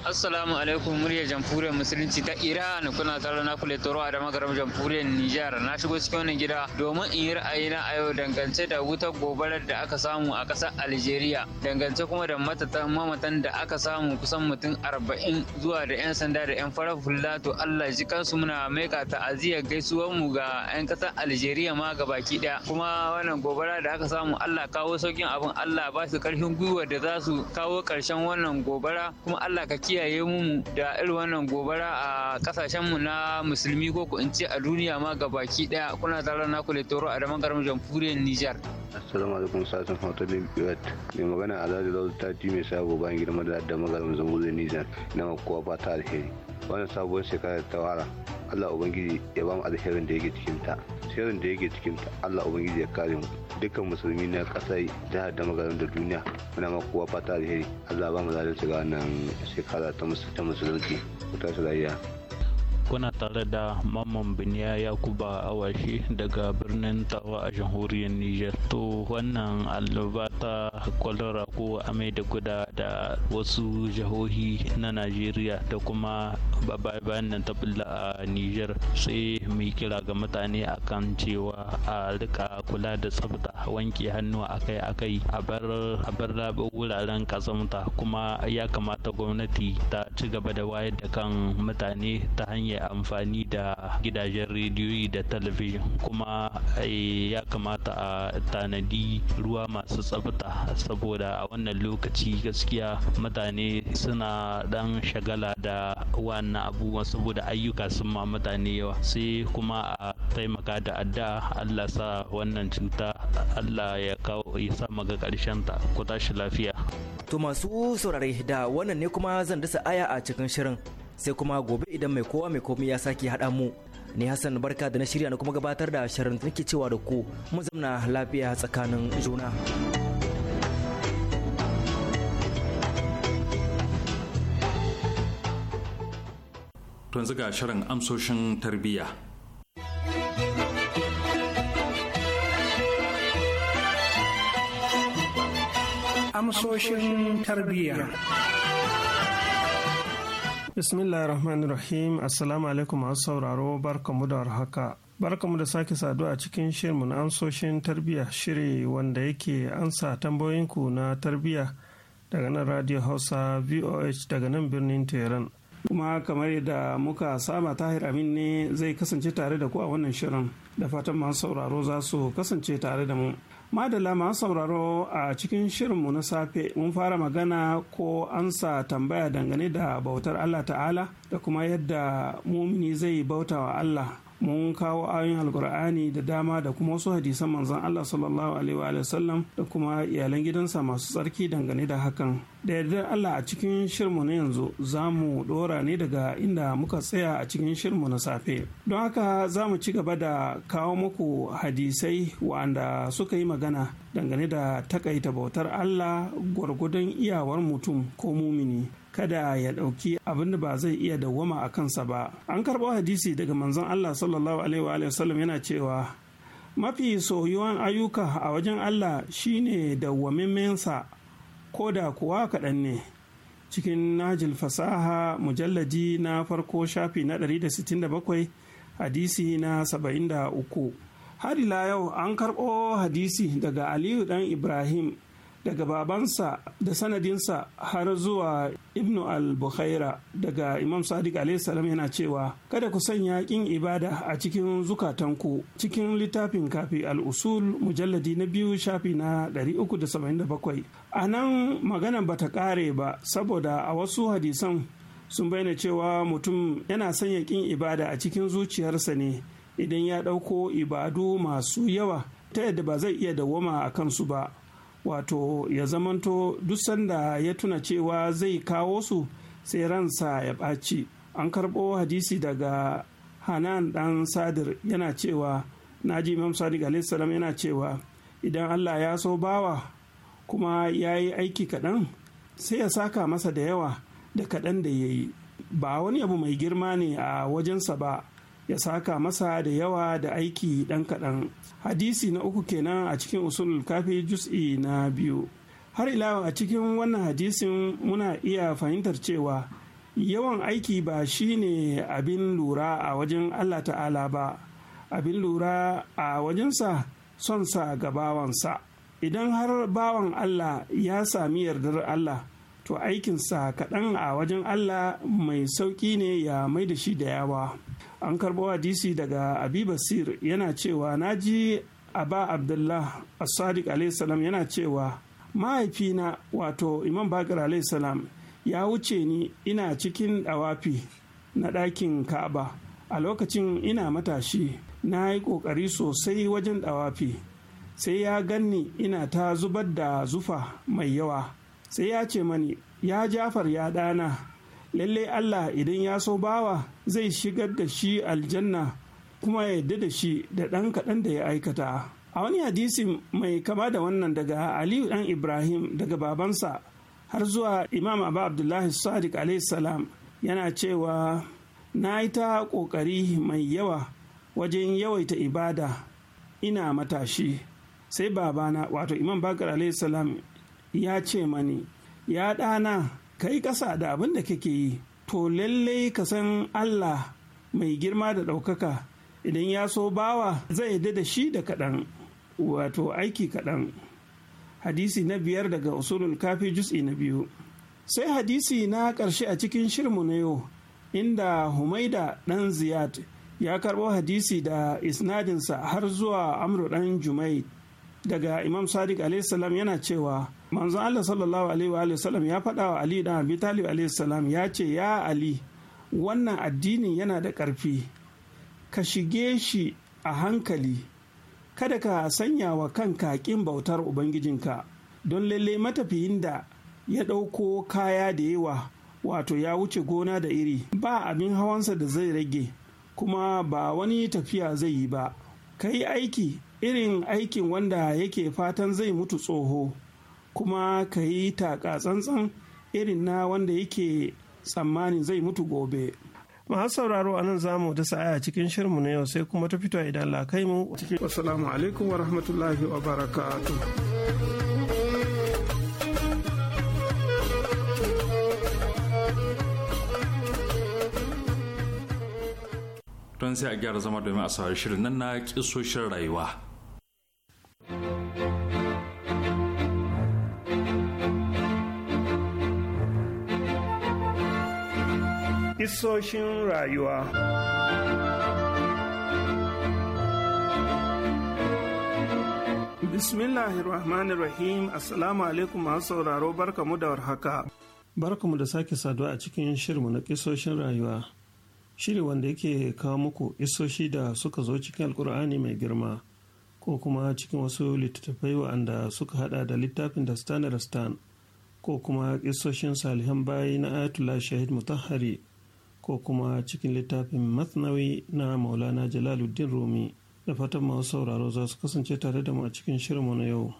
Assalamu alaikum muryar jamhuriyar musulunci ta Iran kuna tare na kule toro da magaram jamhuriyar Nijar na shigo cikin wannan gida domin in yi ra'ayi a yau dangance da wuta gobarar da aka samu a ƙasar Algeria dangance kuma da matatan mamatan da aka samu kusan mutum arba'in zuwa da 'yan sanda da 'yan farar hula to Allah ji kansu muna maika ta'aziyar gaisuwar mu ga 'yan ƙasar Algeria ma baki ɗaya kuma wannan gobara da aka samu Allah kawo saukin abin Allah ba su karfin gwiwa da za su kawo ƙarshen wannan gobara kuma Allah ka kiyaye mu da irin wannan gobara a kasashen mu na musulmi ko ku in ce a duniya ma gabaki daya kuna tare na ku a daman garin jamhuriyar Nijar. Assalamu alaikum sasan hauta Biwat. Mai magana Alhaji ta Tati mai sabo bayan girma da daman garin jamhuriyar Nijar na makowa ta alheri. Wannan sabuwar shekara ta wara Allah ubangiji ya ba mu alherin da yake cikin ta sirrin da yake cikin ta Allah ubangiji ya kare mu dukkan musulmi na kasa jihar da magana da duniya muna ma kowa fata alheri Allah ba mu zalunci ga wannan shekara ta musulunci ku tashi lafiya kuna tare da mamman biniya yakuba awashi daga birnin tawa a jamhuriyar niger to wannan alluba ta kwalara ko amai da guda da wasu jihohi na najeriya da kuma bayan nan ta bulla a Nijar, sai mai kira ga mutane akan cewa a rika kula da tsafta wanke hannu akai-akai a bar rabin wuraren kasamta, kuma ya kamata gwamnati ta ci gaba da wayar da kan mutane ta hanyar amfani da gidajen rediyo da talabijin kuma eh, ya kamata a tanadi ruwa masu tsafta saboda a wannan lokaci gaskiya mutane suna dan shagala da wani waɗannan abubuwan saboda ayyuka sun ma mutane yawa sai kuma a taimaka da adda allah sa wannan cuta allah ya kawo ya sa maga ƙarshen ta ku tashi lafiya to masu saurare da wannan ne kuma zan dasa aya a cikin shirin sai kuma gobe idan mai kowa mai komai ya sake hada mu ni hassan barka da na shirya na kuma gabatar da shirin nake cewa da ku mu zamna lafiya tsakanin juna. tun ga shirin amsoshin tarbiyya amsoshin tarbiyya bismillah rahman rahim assalamu alaikum masu sauraro barkamu da warhaka barkamu da sake saduwa a cikin shirin na amsoshin tarbiyya shiri wanda yake ansa tambayoyinku na tarbiyya daga nan radio hausa voh daga nan birnin tehran kuma kamar yadda muka saba tahir amin ne zai kasance tare da ku a wannan shirin da fatan masu sauraro za su kasance tare da mu madalla masu sauraro a cikin shirinmu na safe mun fara magana ko ansa tambaya dangane da bautar allah ta'ala da kuma yadda mumini zai bauta wa allah mun kawo ayoyin alkur'ani da dama da kuma wasu hadisan manzon Allah sallallahu alaihi wa sallam da kuma iyalan gidansa masu tsarki dangane da hakan da yardar Allah a cikin shirmu na yanzu za mu dora ne daga inda muka tsaya a cikin shirmu na safe don haka za mu ci gaba da kawo muku hadisai wa'anda suka yi magana dangane da takaita bautar Allah gwargwadon iyawar mutum ko mumini kada ya ɗauki abinda ba zai iya dawwama a kansa ba an karɓo hadisi daga manzon Allah sallallahu alaihi wa yana cewa mafi soyuwan ayyuka a wajen Allah shine dawwamimmensa ko da kuwa kaɗan ne cikin najil fasaha mujalladi na farko shafi na 167 hadisi na 73 har ila yau an karɓo hadisi daga aliyu ɗan ibrahim daga babansa da sanadinsa har zuwa Ibn al-bukhaira daga imam sadiq salam yana cewa kada ku sanya kin ibada a cikin zukatanku cikin littafin kafi al-usul mujalladi na biyu shafi na 377 a nan ba bata kare ba saboda a wasu hadisan sun bayyana cewa mutum yana sanya kin ibada a cikin zuciyarsa ne idan ya ɗauko ibadu masu yawa ta yadda ba zai iya dawwama a kansu ba wato ya zamanto duk sanda ya tuna cewa zai kawo su sai ransa ya ɓaci an karɓo hadisi daga hanan ɗan sadir yana cewa naji imam sadiq salam yana cewa idan allah ya so bawa kuma ya yi aiki kaɗan sai ya saka masa da yawa da kaɗan da ya yi ba wani abu mai girma ne a wajensa ba ya saka masa da yawa da aiki ɗan kaɗan hadisi na uku kenan a cikin usulul kafi jus'i na biyu har ila a cikin wannan hadisin muna iya fahimtar cewa yawan aiki ba shine abin lura a wajen allah ta'ala ba abin lura a wajensa son sa ga bawansa idan har bawan allah ya sami yardar allah to aikinsa kaɗan a wajen allah mai sauƙi ne ya mai da shi da yawa an karbo hadisi daga abi yana cewa na ji aba abdullah as-sadiq salam yana cewa mahaifina wato imam bakir salam ya wuce ni ina cikin dawafi na ɗakin ka'aba a lokacin ina matashi na yi ƙoƙari sosai wajen dawafi sai ya ganni ina ta zubar da zufa mai yawa sai ya ce mani ya jafar ya ɗana lallai Allah idan ya so bawa zai shigar da shi aljanna kuma ya yarda da shi da ɗan kaɗan da ya aikata. A wani hadisi mai kama da wannan daga Aliyu ɗan Ibrahim daga babansa har zuwa Imam Abu Abdullahi Sadiq salam yana cewa na yi ta ƙoƙari mai yawa wajen yawaita ibada ina matashi sai babana wato Imam Bakar salam ya ce mani ya ɗana ka yi ƙasa da abin da kake yi to lallai ka san allah mai girma da ɗaukaka idan ya so bawa zai yadda da shi da kaɗan wato aiki kaɗan hadisi na biyar daga usulul kafi jus'i na biyu sai hadisi na ƙarshe a cikin shirmu na yau inda humaida ɗan ziyad ya karɓo hadisi da isnadinsa har zuwa amru ɗan jumai daga imam sadiq salam yana cewa manzon Allah sallallahu alaihi wa sallam ya faɗa wa Ali da Abi Talib alaihi salam ya ce ya Ali wannan addinin yana da ƙarfi ka shige shi a hankali kada ka sanya wa kanka ƙin bautar ubangijinka don lalle matafiyin da ya ɗauko kaya da yawa wato ya wuce gona da iri ba abin hawansa da zai rage kuma ba wani tafiya zai yi ba ka yi aiki irin aikin wanda yake fatan zai mutu tsoho kuma ka yi taƙa tsantsan irin na wanda yake tsammanin zai mutu gobe masu sauraro a nan za mu da sa'aya cikin shirmu na yau sai kuma ta fito idan la kai mu assalamu alaikum wa rahmatullahi wa barakatuh don sai a gyara zama domin a saurari shirin nan na kisoshin rayuwa. Kisoshin rayuwa. Bismillahirrahmanirrahim Assalamu alaikum masu sauraro barkamu da warhaka. Barkamu da sake saduwa a cikin shirmu na kisoshin rayuwa. Shiri wanda yake kawo muku isoshi da suka zo cikin alkur'ani mai girma ko kuma cikin wasu littattafai wa'anda suka hada da littafin da stan ko kuma isoshin salihan bayi na ayatollah shahid mutahari ko kuma cikin littafin masnawi na maulana jalaluddin rumi da fatan masu sauraro za su kasance tare da mu a cikin shirinmu na yau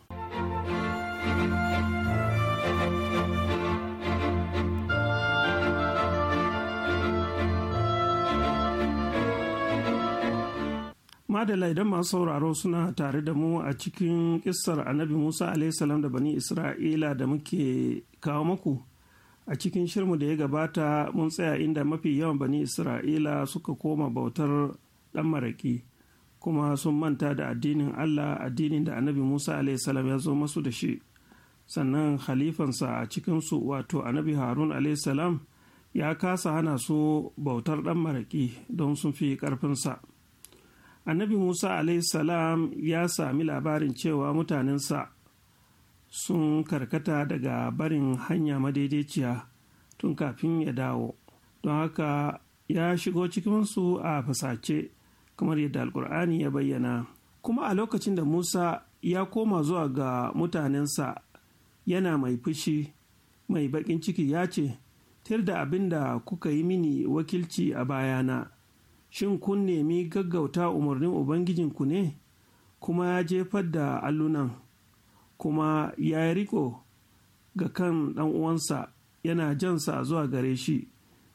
madala idan masu sauraro suna tare da mu a cikin kissar annabi musa salam da bani isra'ila da muke kawo muku a cikin shirmu da ya gabata mun tsaya inda mafi yawan bani isra'ila suka koma bautar ɗan maraƙi kuma sun manta da addinin allah addinin da annabi musa salam ya zo masu da shi sannan halifansa a cikinsu wato annabi harun salam ya kasa hana su bautar ɗan maraƙi don sun fi ƙarfinsa annabi musa salam ya sami labarin cewa mutanensa sun karkata daga barin hanya madaidaiciya tun kafin ya dawo don haka ya shigo cikin su a fasace kamar yadda alkur'ani ya bayyana kuma a lokacin da musa ya koma zuwa ga mutanensa yana mai fushi mai baƙin ciki ya ce tir da abin da kuka yi mini wakilci a bayana shin kun nemi gaggauta umarnin ubangijinku ne kuma ya jefar da allunan kuma ya riko ga kan ɗan uwansa yana sa zuwa gare shi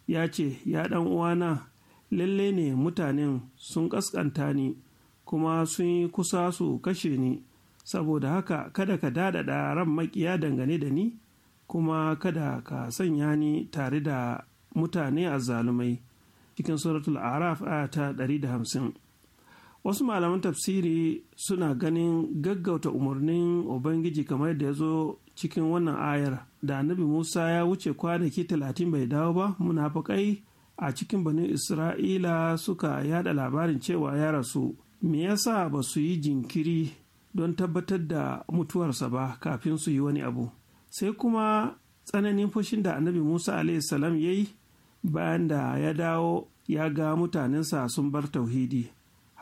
ya ce ya ɗan uwana lalle ne mutanen sun ƙasƙanta ni kuma sun yi kusa su kashe ni saboda haka kada ka daɗaɗa ran maƙiya dangane da ni kuma kada ka sanya ni tare da mutane a zalumai cikin suratul araf a ta 150 wasu malaman tafsiri suna ganin gaggauta umarnin ubangiji kamar da ya zo cikin wannan ayar da annabi musa ya wuce kwanaki talatin bai dawo ba munafukai a cikin banin isra'ila suka yada labarin cewa ya rasu me yasa ba su yi jinkiri don tabbatar da mutuwarsa ba kafin su yi wani abu sai kuma tsananin fushin da annabi musa salam ya yi bayan da ya dawo ya ga mutanensa sun bar tauhidi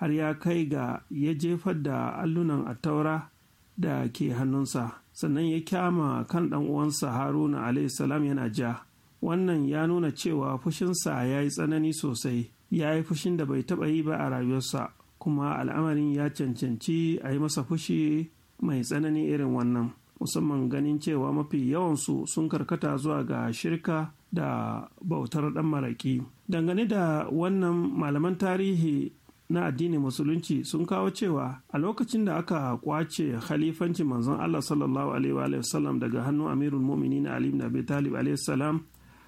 har ya kai ga ya jefar da allunan attaura da ke hannunsa sannan ya kyama kan ɗan uwansa haruna alaihissalam yana ja wannan ya nuna cewa fushinsa ya yi tsanani sosai ya yi fushin da bai taɓa yi ba a rayuwarsa kuma al'amarin ya cancanci a yi masa fushi mai tsanani irin wannan musamman ganin cewa mafi yawansu sun karkata zuwa ga shirka da bautar ɗan maraƙi dangane da wannan malaman tarihi na addinin musulunci sun kawo cewa a lokacin da aka kwace khalifancin manzon Allah sallallahu alaihi wa sallam daga hannun amirul mu'minin Ali ibn Abi Talib alaihi salam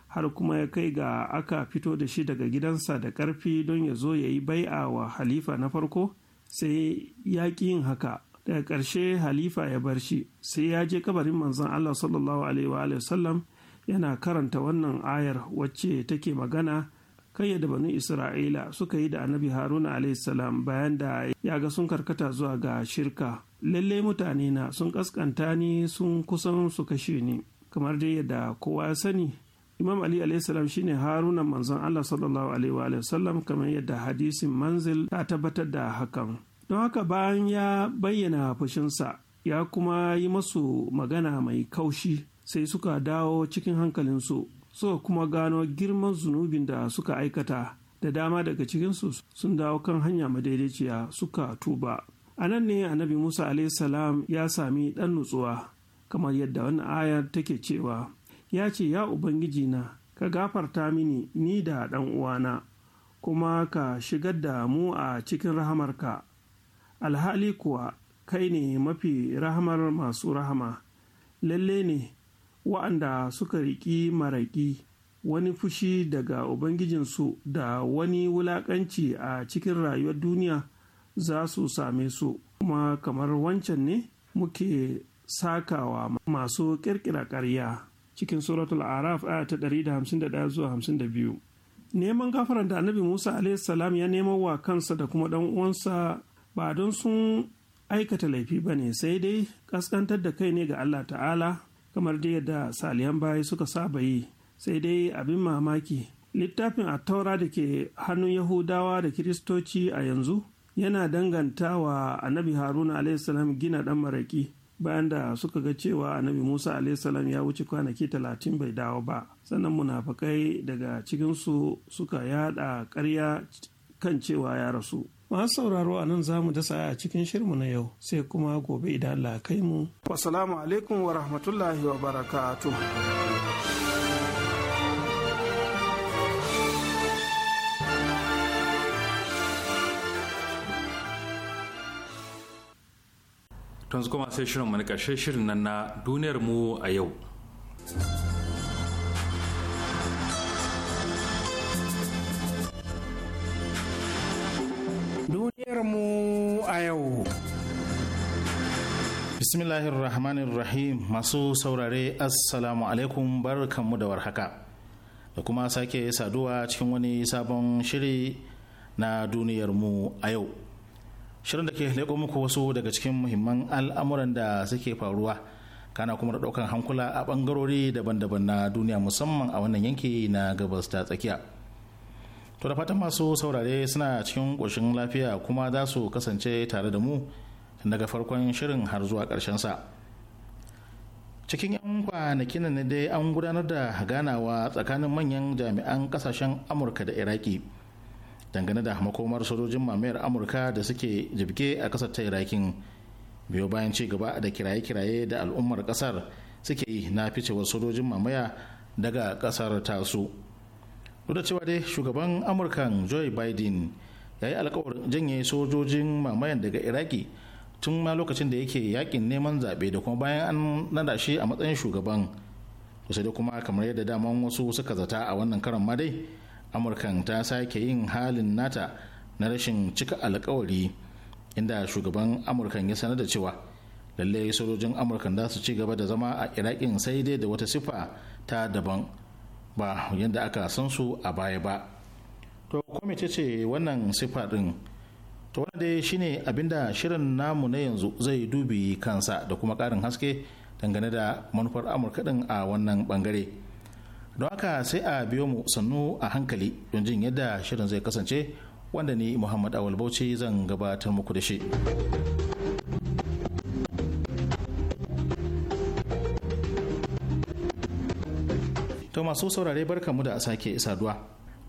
har kuma ya kai ga aka fito da shi daga gidansa da karfi don ya zo ya yi bai'a wa halifa na farko sai ya ƙi yin haka daga ƙarshe halifa ya bar shi sai ya je kabarin manzon Allah sallallahu alaihi wa sallam yana karanta wannan ayar wacce take magana Kai kayyada banu isra'ila suka yi da annabi haruna alaihissalam bayan da ya ga sun karkata zuwa ga shirka lallai mutane na sun kaskanta ni sun kusan su kashe ni kamar dai yadda kowa ya sani imam ali alaihissalam shine haruna manzon allah sallallahu alaihi wa sallam kamar yadda hadisin manzil ta tabbatar da hakan don haka bayan ya bayyana fushinsa ya kuma yi masu magana mai kaushi sai suka dawo cikin hankalinsu suka kuma gano girman zunubin da suka aikata da dama daga cikinsu sun dawo kan hanya madaidaiciya suka tuba a nan ne annabi musa salam ya sami ɗan nutsuwa kamar yadda wani aya take cewa ya ce ya ubangiji na ka gafarta mini ni da ɗan uwana kuma ka shigar da mu a cikin rahamarka alhali kuwa kai ne mafi rahamar masu rahama lalle ne wa'anda suka riƙi maraƙi wani fushi daga ubangijinsu da wani wulaƙanci a cikin rayuwar duniya za su same su kuma kamar wancan ne muke sakawa masu ƙirƙira ƙarya cikin suratul araf aya ta 151 zuwa 52 neman gafaran da annabi musa salam ya nema wa kansa da kuma ɗan uwansa ba don sun aikata laifi ba ne sai dai ƙasƙantar da kai ne ga allah ta'ala kamar da yadda saliyan bayi suka saba yi sai dai abin mamaki littafin a taura da ke hannun yahudawa da kiristoci a yanzu yana danganta wa annabi haruna alaihissalam gina dan maraki bayan da suka ga cewa annabi musa alaihissalam ya wuce kwanaki talatin bai dawo ba sannan munafakai daga cikinsu suka yada karya kan cewa ya rasu masu sauraro a nan za mu dasa a cikin shirmu na yau sai kuma gobe idan Allah kai mu wasalamu alaikum wa rahmatullahi wa barakatuh yanzu kuma sai shirin mani ƙarshe shirin nan na duniyar mu a yau. Duniyarmu a yau. rahmanir rahim masu saurare Assalamu alaikum barkanmu da warhaka. Da kuma sake saduwa cikin wani sabon shiri na duniyarmu a yau. Shirin da ke leko muku wasu daga cikin muhimman al'amuran da suke faruwa. kana kuma da ɗaukan hankula a ɓangarori daban-daban na duniya musamman a wannan yanki na gabas ta tsakiya. to da fatan masu saurare suna cikin ƙoshin lafiya kuma za su kasance tare da mu daga farkon shirin har zuwa ƙarshen sa cikin 'yan kwanakin ne dai an gudanar da ganawa tsakanin manyan jami'an ƙasashen amurka da iraki dangane da makomar sojojin mamayar amurka da suke jibge a ƙasar ta irakin biyo bayan ci gaba da kiraye-kiraye da al'ummar ƙasar suke yi na ficewar sojojin mamaya daga ƙasar tasu duk da cewa dai shugaban amurkan joe biden ya yi alkawarin janye sojojin mamayan daga iraki tun ma lokacin da yake yakin neman zaɓe da kuma bayan an nada shi a matsayin shugaban kusa da kuma kamar yadda daman wasu suka zata a wannan karan ma dai amurkan ta sake yin halin nata na rashin cika alkawari inda shugaban amurkan ya sanar da cewa lallai sojojin amurkan za su ci gaba da zama a irakin sai dai da wata sifa ta daban ba yadda aka san su a baya ba to kwamiti ce wannan sifa ɗin to wanda dai shine abinda shirin namu na yanzu zai dubi kansa da kuma ƙarin haske dangane da manufar amurka ɗin a wannan bangare don haka sai a biyo mu sannu a hankali don jin yadda shirin zai kasance wanda ni muhammad awal bauchi zan gabatar muku da shi. to masu saurare barkamu da sake saduwa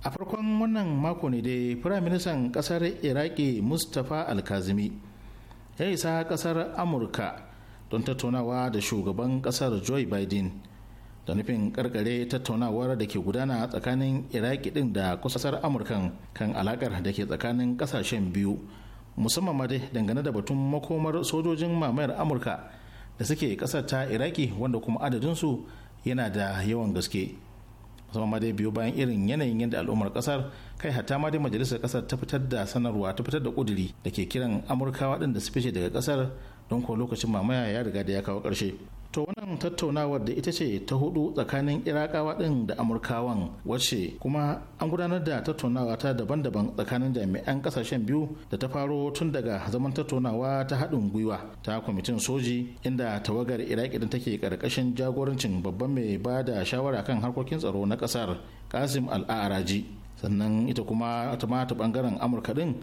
a farkon wannan mako ne dai firaministan kasar iraki mustapha alkazimi ya isa kasar amurka don tattaunawa da shugaban kasar joe biden da nufin karkare tattaunawar da ke gudana tsakanin iraki din da kasar amurkan kan alakar da ke tsakanin ƙasashen biyu musamman ma dai dangane da batun makomar sojojin mamayar amurka da suke kasar ta iraki wanda kuma adadinsu yana da yawan gaske musamman ma dai biyo bayan irin yanayin yadda al'ummar kasar kai hatta ma dai majalisar kasar ta fitar da sanarwa ta fitar da kuduri da ke kiran amurkawa din da su fice daga kasar don ko lokacin mamaya ya riga da ya kawo ƙarshe to wannan tattaunawar da ita ce ta hudu tsakanin irakawa din da amurkawan wacce kuma an gudanar da tattaunawa ta daban-daban tsakanin jami'an ƙasashen biyu da ta faro tun daga zaman tattaunawa ta haɗin gwiwa ta kwamitin soji inda tawagar iraki din take karkashin jagorancin babban mai ba da shawara kan harkokin tsaro na kasar kasim al'araji sannan ita kuma ta bangaren amurka din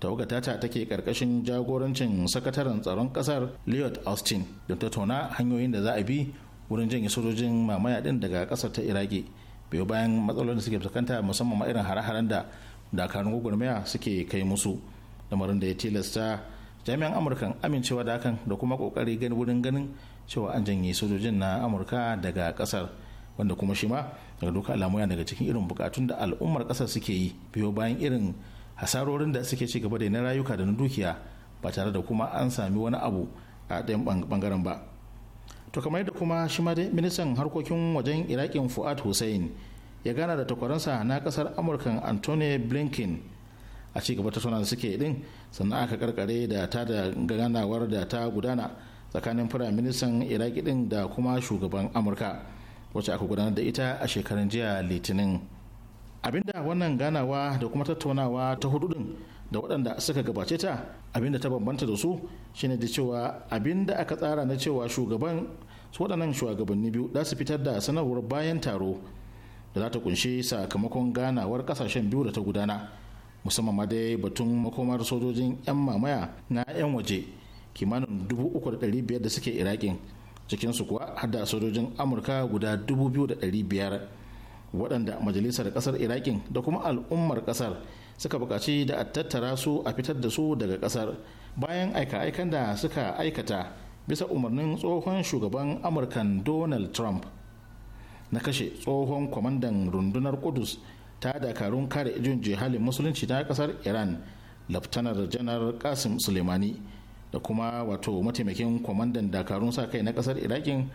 tawaga ta take karkashin jagorancin sakataren tsaron kasar lloyd austin don tattauna hanyoyin da za a bi wurin janye sojojin mamaya din daga kasar ta iraki biyo bayan matsalolin da suke fuskanta musamman ma irin hare da dakarun gwagwarmaya suke kai musu lamarin da ya tilasta jami'an amurka amincewa da hakan da kuma kokari gani wurin ganin cewa an janye sojojin na amurka daga kasar wanda kuma shi ma daga duka alamu daga cikin irin bukatun da al'ummar kasar suke yi biyo bayan irin hasarorin da suke ci gaba da na rayuka da na dukiya ba tare da kuma an sami wani abu a ɗayan bangaren ba to kamar yadda kuma shi ma ministan harkokin wajen iraƙin fuad hussein ya gana da takwaransa na kasar amurkan antony blinken a ci gaba ta da suke din sannan aka karkare da ta da ganawar da ta gudana tsakanin firayim ministan iraki din da kuma shugaban amurka wacce aka gudanar da ita a shekarun jiya litinin abinda wannan ganawa da kuma tattaunawa ta hudu da waɗanda suka gabace ta abinda ta bambanta da su shine da cewa abinda aka tsara na cewa shugaban su waɗannan shugabanni biyu za su fitar da sanarwar bayan taro da za ta kunshi sakamakon ganawar ƙasashen biyu da ta gudana musamman ma dai batun makomar sojojin 'yan mamaya na 'yan waje kimanin 3,500 da suke iraƙin cikinsu kuwa har da sojojin amurka guda 2,500 waɗanda majalisar ƙasar iraqin da kuma al'ummar ƙasar suka buƙaci da a tattara su a fitar da su daga ƙasar bayan aika-aikan da suka aikata bisa umarnin tsohon shugaban amurkan donald trump na kashe tsohon kwamandan rundunar kudus ta dakarun kare ijin jihalin musulunci ta ƙasar iran laftanar janar kasim sulemani da kuma wato mataimakin kwamandan dakarun sa kai na ƙasar iraƙin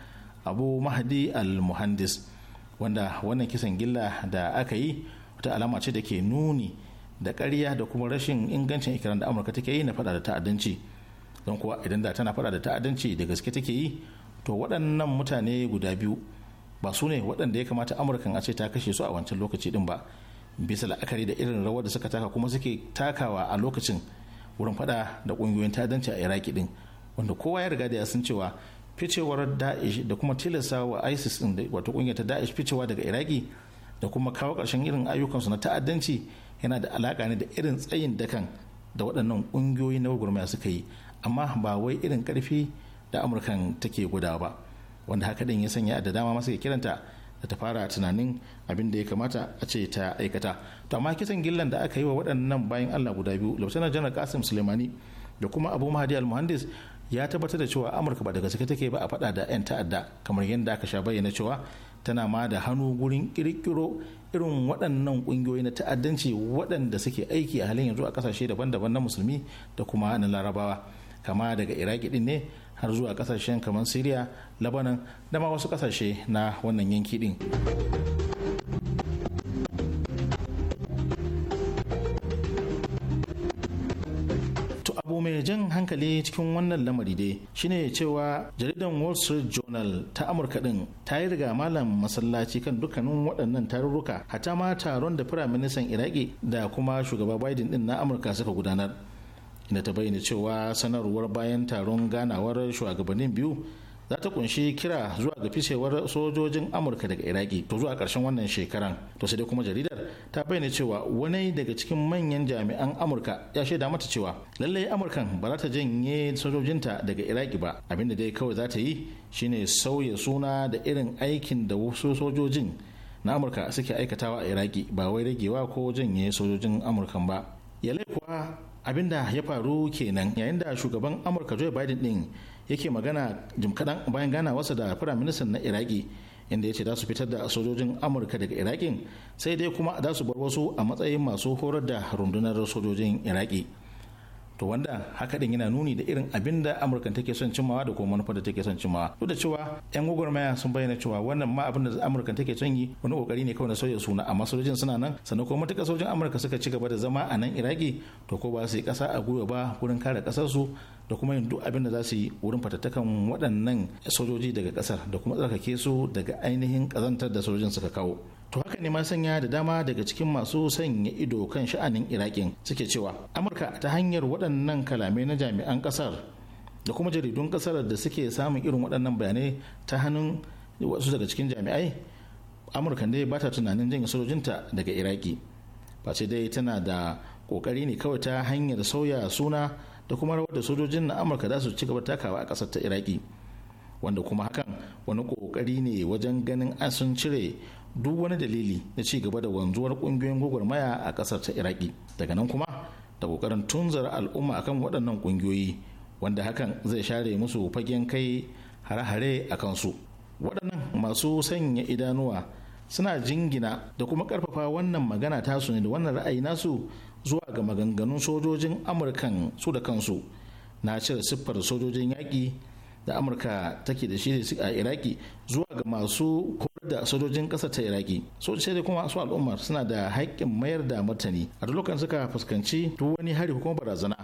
abu mahdi al-muhandis wanda wannan kisan gilla da aka yi wata alama ce da ke nuni da karya da kuma rashin ingancin ikirar da amurka take yi na fada da ta'addanci don kuwa idan da tana faɗa da ta'addanci da gaske take yi to waɗannan mutane guda biyu ba su ne waɗanda ya kamata amurkan a ce ta kashe su a wancan lokaci din ba bisa la'akari da irin rawar da suka taka kuma suke takawa a lokacin wurin faɗa da ƙungiyoyin ta'addanci a iraki din wanda kowa ya riga da ya san cewa ficewar da'ish da kuma tilasta wa isis din wato kungiyar ta da'ish ficewa daga iraki da kuma kawo karshen irin ayyukansu na ta'addanci yana da alaka ne da irin tsayin dakan da waɗannan ƙungiyoyi na gwagwarmaya suka yi amma ba wai irin ƙarfi da amurkan take guda ba wanda haka din ya sanya da dama masu kiranta da ta fara tunanin abin da ya kamata a ce ta aikata to amma kisan gillan da aka yi wa waɗannan bayan allah guda biyu lautanar janar kasim sulemani da kuma abu mahadi al-muhandis ya tabbatar da cewa amurka ba da gaske take ba a fada da 'yan ta'adda kamar yadda aka sha bayyana cewa tana ma da hannu gurin kirkiro irin waɗannan ƙungiyoyi na ta'addanci waɗanda suke aiki a halin yanzu a ƙasashe daban-daban na musulmi da kuma na larabawa kama daga iraki din ne har zuwa ƙasashen kamar syria labanan da ma wasu ƙasashe na wannan yanki din jan hankali cikin wannan lamari dai shine cewa jaridan wall street journal ta amurka din ta yi riga malam masallaci kan dukkanin waɗannan tarurruka hata ma taron da firaministan iraki da kuma shugaba biden din na amurka suka gudanar inda ta bayyana cewa sanarwar bayan taron ganawar shugabannin biyu za ta kunshi kira zuwa ga fisewar sojojin amurka daga iraki to zuwa karshen wannan shekaran to sai dai kuma jaridar ta bayyana cewa wani daga cikin manyan jami'an amurka ya shaida mata cewa lallai amurkan ba za ta janye sojojinta daga iraki ba abinda dai kawai za ta yi shine sauya suna da irin aikin da wasu sojojin na amurka suke aikatawa a iraki ba wai ragewa ko janye sojojin amurkan ba yalai kuwa abinda ya faru kenan yayin da shugaban amurka joe biden din yake magana jim kaɗan bayan gana wasa da firaministan na iraki inda ya ce za su fitar da sojojin amurka daga iraki sai dai kuma za su bar wasu a matsayin masu horar da rundunar sojojin iraki to wanda haka din yana nuni da irin abin da amurka take son cimmawa da kuma manufar da take son cimmawa duk da cewa yan gwagwarmaya sun bayyana cewa wannan ma abin da amurka take son yi wani kokari ne kawai na sauya suna amma sojojin suna nan sannan kuma matuƙa sojojin amurka suka ci gaba da zama a nan iraki to ko ba su yi ƙasa a gwiwa ba wurin kare su da kuma yin duk abin da za su yi wurin fatattakan waɗannan sojoji daga ƙasar da kuma tsarkake su daga ainihin ƙazantar da sojojin suka kawo to haka ne ma sanya da dama daga cikin masu sanya ido kan sha'anin irakin suke cewa amurka ta hanyar waɗannan kalamai na jami'an ƙasar da kuma jaridun ƙasar da suke samun irin waɗannan bayanai ta hannun wasu daga cikin jami'ai amurka ne ba ta tunanin janye sojojinta daga iraki ba ce dai tana da kokari ne kawai ta hanyar sauya suna da kuma rawar da sojojin na amurka za su ci gaba takawa a ƙasar ta iraki wanda kuma hakan wani kokari ne wajen ganin an sun cire duk wani dalili na ci gaba da wanzuwar kungiyoyin gwagwarmaya a kasar ta iraki daga nan kuma da kokarin tunzar al'umma akan waɗannan kungiyoyi wanda hakan zai share musu fagen kai hare-hare a kansu waɗannan masu sanya idanuwa suna jingina da kuma ƙarfafa wannan magana tasu ne da wannan ra'ayi nasu zuwa ga maganganun sojojin amurkan su da kansu na cire siffar sojojin yaƙi da amurka take da shi a iraki zuwa ga masu koyar da sojojin kasa ta iraki sojojai da kuma su al'umma suna da haƙƙin mayar da martani a duk lokacin suka fuskanci duk wani hari ko barazana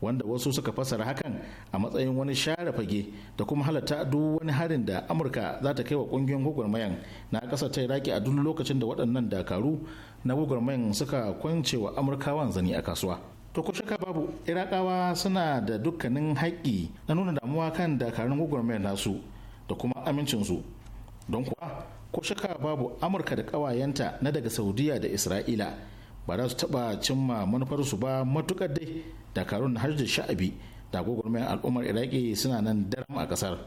wanda wasu suka fasara hakan a matsayin wani share fage da kuma halatta duk wani harin da amurka za ta kai wa ƙungiyar gwagwarmayan na ƙasar ta iraki a duk lokacin da waɗannan dakaru na gwagwarmayan suka kwance wa amurkawan zani a kasuwa to ko shaka babu irakawa suna da dukkanin haƙƙi na nuna damuwa kan dakarun gwagwarmayar nasu da kuma amincinsu don kuwa ko shaka babu amurka da ƙawayenta na daga saudiya da isra'ila ba za su taɓa cimma manufarsu ba matuƙar dai dakarun har da sha'abi da gwagwarmayar al'ummar iraki suna nan daram a ƙasar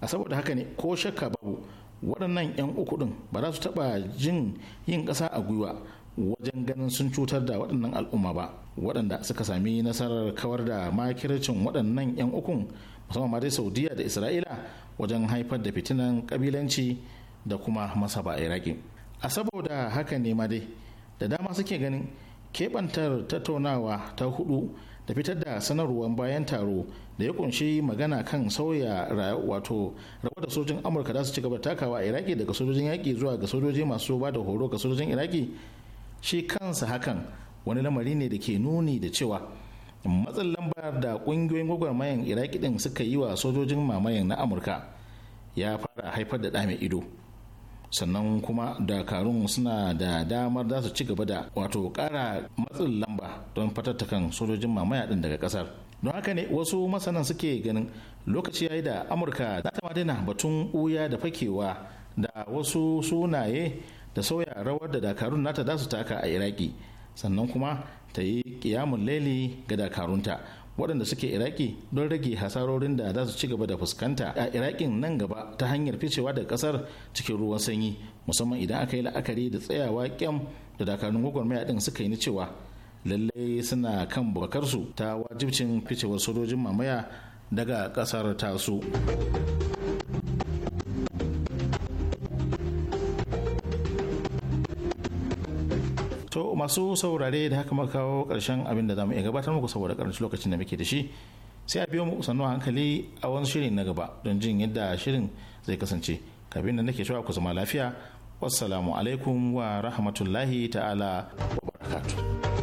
a saboda haka ne ko shakka babu waɗannan 'yan uku ɗin ba za su taɓa jin yin ƙasa a gwiwa wajen ganin sun cutar da waɗannan al'umma ba waɗanda suka sami nasarar kawar da makircin waɗannan 'yan ukun musamman ma dai saudiya da isra'ila wajen haifar da fitinan kabilanci da kuma masaba iraki a saboda haka ne ma dai da dama suke ganin keɓantar tattaunawa ta hudu da fitar da sanarwar bayan taro da ya kunshi magana kan sauya wato rawar da sojojin amurka za su ci gaba takawa iraki daga sojojin yaƙi zuwa ga sojoji masu ba da horo ga sojojin iraki shi kansa hakan wani lamari ne da ke nuni da cewa matsin lamba da kungiyoyin gwagwarmayan iraki din suka yi wa sojojin mamayan na amurka ya fara haifar da dame ido sannan kuma dakarun suna da damar za su ci gaba da wato kara matsin lamba don fatattakan sojojin mamaya din daga kasar don haka ne wasu masanan suke ganin lokaci ya yi da amurka za ta madina batun uya da fakewa da wasu sunaye da sauya rawar da dakarun nata za su taka a iraki sannan kuma ta yi kiyamun laili ga dakarunta waɗanda suke iraki don rage hasarorin da za su ci gaba da fuskanta a irakin nan gaba ta hanyar ficewa da ƙasar cikin ruwan sanyi musamman idan aka yi la'akari da tsayawa kyam da dakarun gwagwarmaya ɗin suka yi ni cewa lallai suna kan bakarsu ta wajibcin ficewar sojojin mamaya daga ƙasar tasu. masu saurare da haka muka kawo karshen abin da za mu iya gabatar muku saboda karanci lokacin da muke da shi sai a biyo mu sannu hankali a wani shirin na gaba don jin yadda shirin zai kasance kafin da nake cewa ku zama lafiya wassalamu alaikum wa rahmatullahi ta'ala wa barakatuh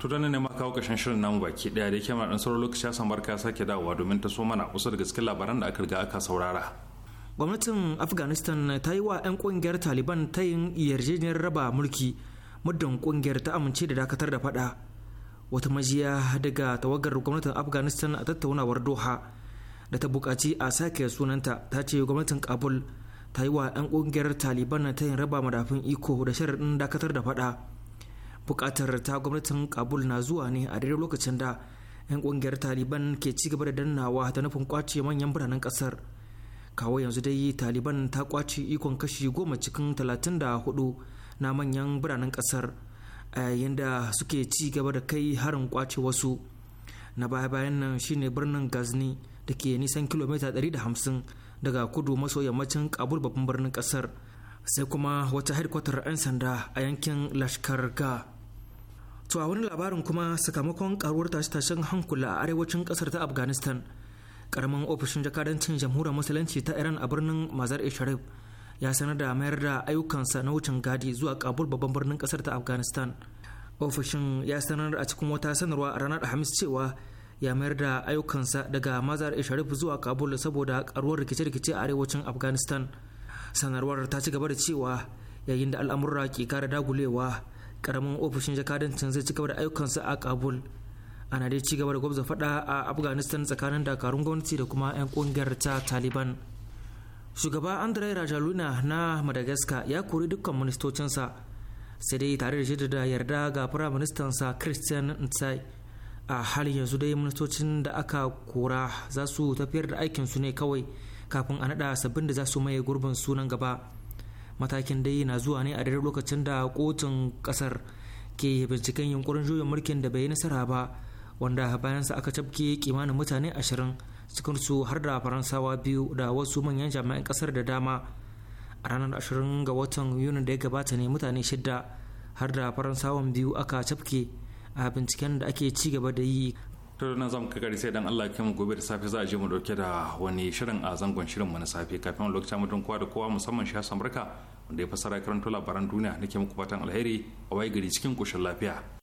tudan ne ma kawo kashin shirin namu baki daya da yake dan sauran lokaci ya samar ka sake dawowa domin ta so mana kusa da gaske labaran da aka riga aka saurara gwamnatin afghanistan ta yi wa 'yan kungiyar taliban ta yin yarjejeniyar raba mulki muddin kungiyar ta amince da dakatar da fada wata majiya daga tawagar gwamnatin afghanistan a tattaunawar doha da ta bukaci a sake sunanta ta ce gwamnatin kabul ta yi wa 'yan kungiyar taliban ta yin raba madafin iko da sharaɗin dakatar da fada bukatar ta gwamnatin kabul na zuwa ne a daidai lokacin da 'yan kungiyar taliban ke ci gaba da dannawa da nufin kwace manyan biranen kasar kawo yanzu dai taliban ta kwace ikon kashi goma cikin talatin da hudu na manyan biranen kasar a yayin da suke ci gaba da kai harin kwace wasu na baya-bayan nan shine birnin gazni da ke nisan kilomita hamsin daga kudu maso yammacin kabul babban birnin kasar sai kuma wata hedkwatar 'yan sanda a yankin lashkar ga to a wani labarin kuma sakamakon karuwar tashe-tashen hankula a arewacin kasar ta afghanistan karamin ofishin jakadancin jamhuriyar musulunci ta iran a birnin mazar e sharif ya sanar da mayar da ayyukansa na wucin gadi zuwa kabul babban birnin kasar ta afghanistan ofishin ya sanar a cikin wata sanarwa a ranar alhamis cewa ya mayar da ayyukansa daga mazar e sharif zuwa kabul saboda karuwar rikice-rikice a arewacin afghanistan sanarwar ta ci gaba da cewa yayin da al'amurra ke kara dagulewa karamin ofishin jakadancin zai ci gaba da ayyukansa a kabul ana dai ci gaba da gwabza fada a afghanistan tsakanin dakarun gwamnati da kuma 'yan kungiyar ta taliban shugaba andrei rajaluna na madagascar ya kori dukkan ministocinsa sai dai tare da shida da yarda ga firaministansa christian ntsai a halin yanzu dai ministocin da aka kora za su tafiyar da aikinsu ne kawai kafin a naɗa sabbin da za su maye gurbin sunan gaba matakin dai na zuwa ne a daidai lokacin da kotun kasar ke binciken yunkurin juyin mulkin da bai yi nasara ba wanda bayansa aka cafke kimanin mutane ashirin cikin su har da faransawa biyu da wasu manyan jami'an kasar da dama a ranar ashirin ga watan yunin da ya gabata ne mutane shidda har da faransawan biyu aka cafke a binciken da ake ci gaba da yi to na zamu kai sai dan Allah ya mu gobe da safe za a je mu dauke da wani shirin a zangon shirin mu na safe kafin lokacin mutum kowa da kowa musamman shi Hassan Barka wanda ya fassara karanto labaran duniya nake muku fatan alheri a waye gari cikin koshin lafiya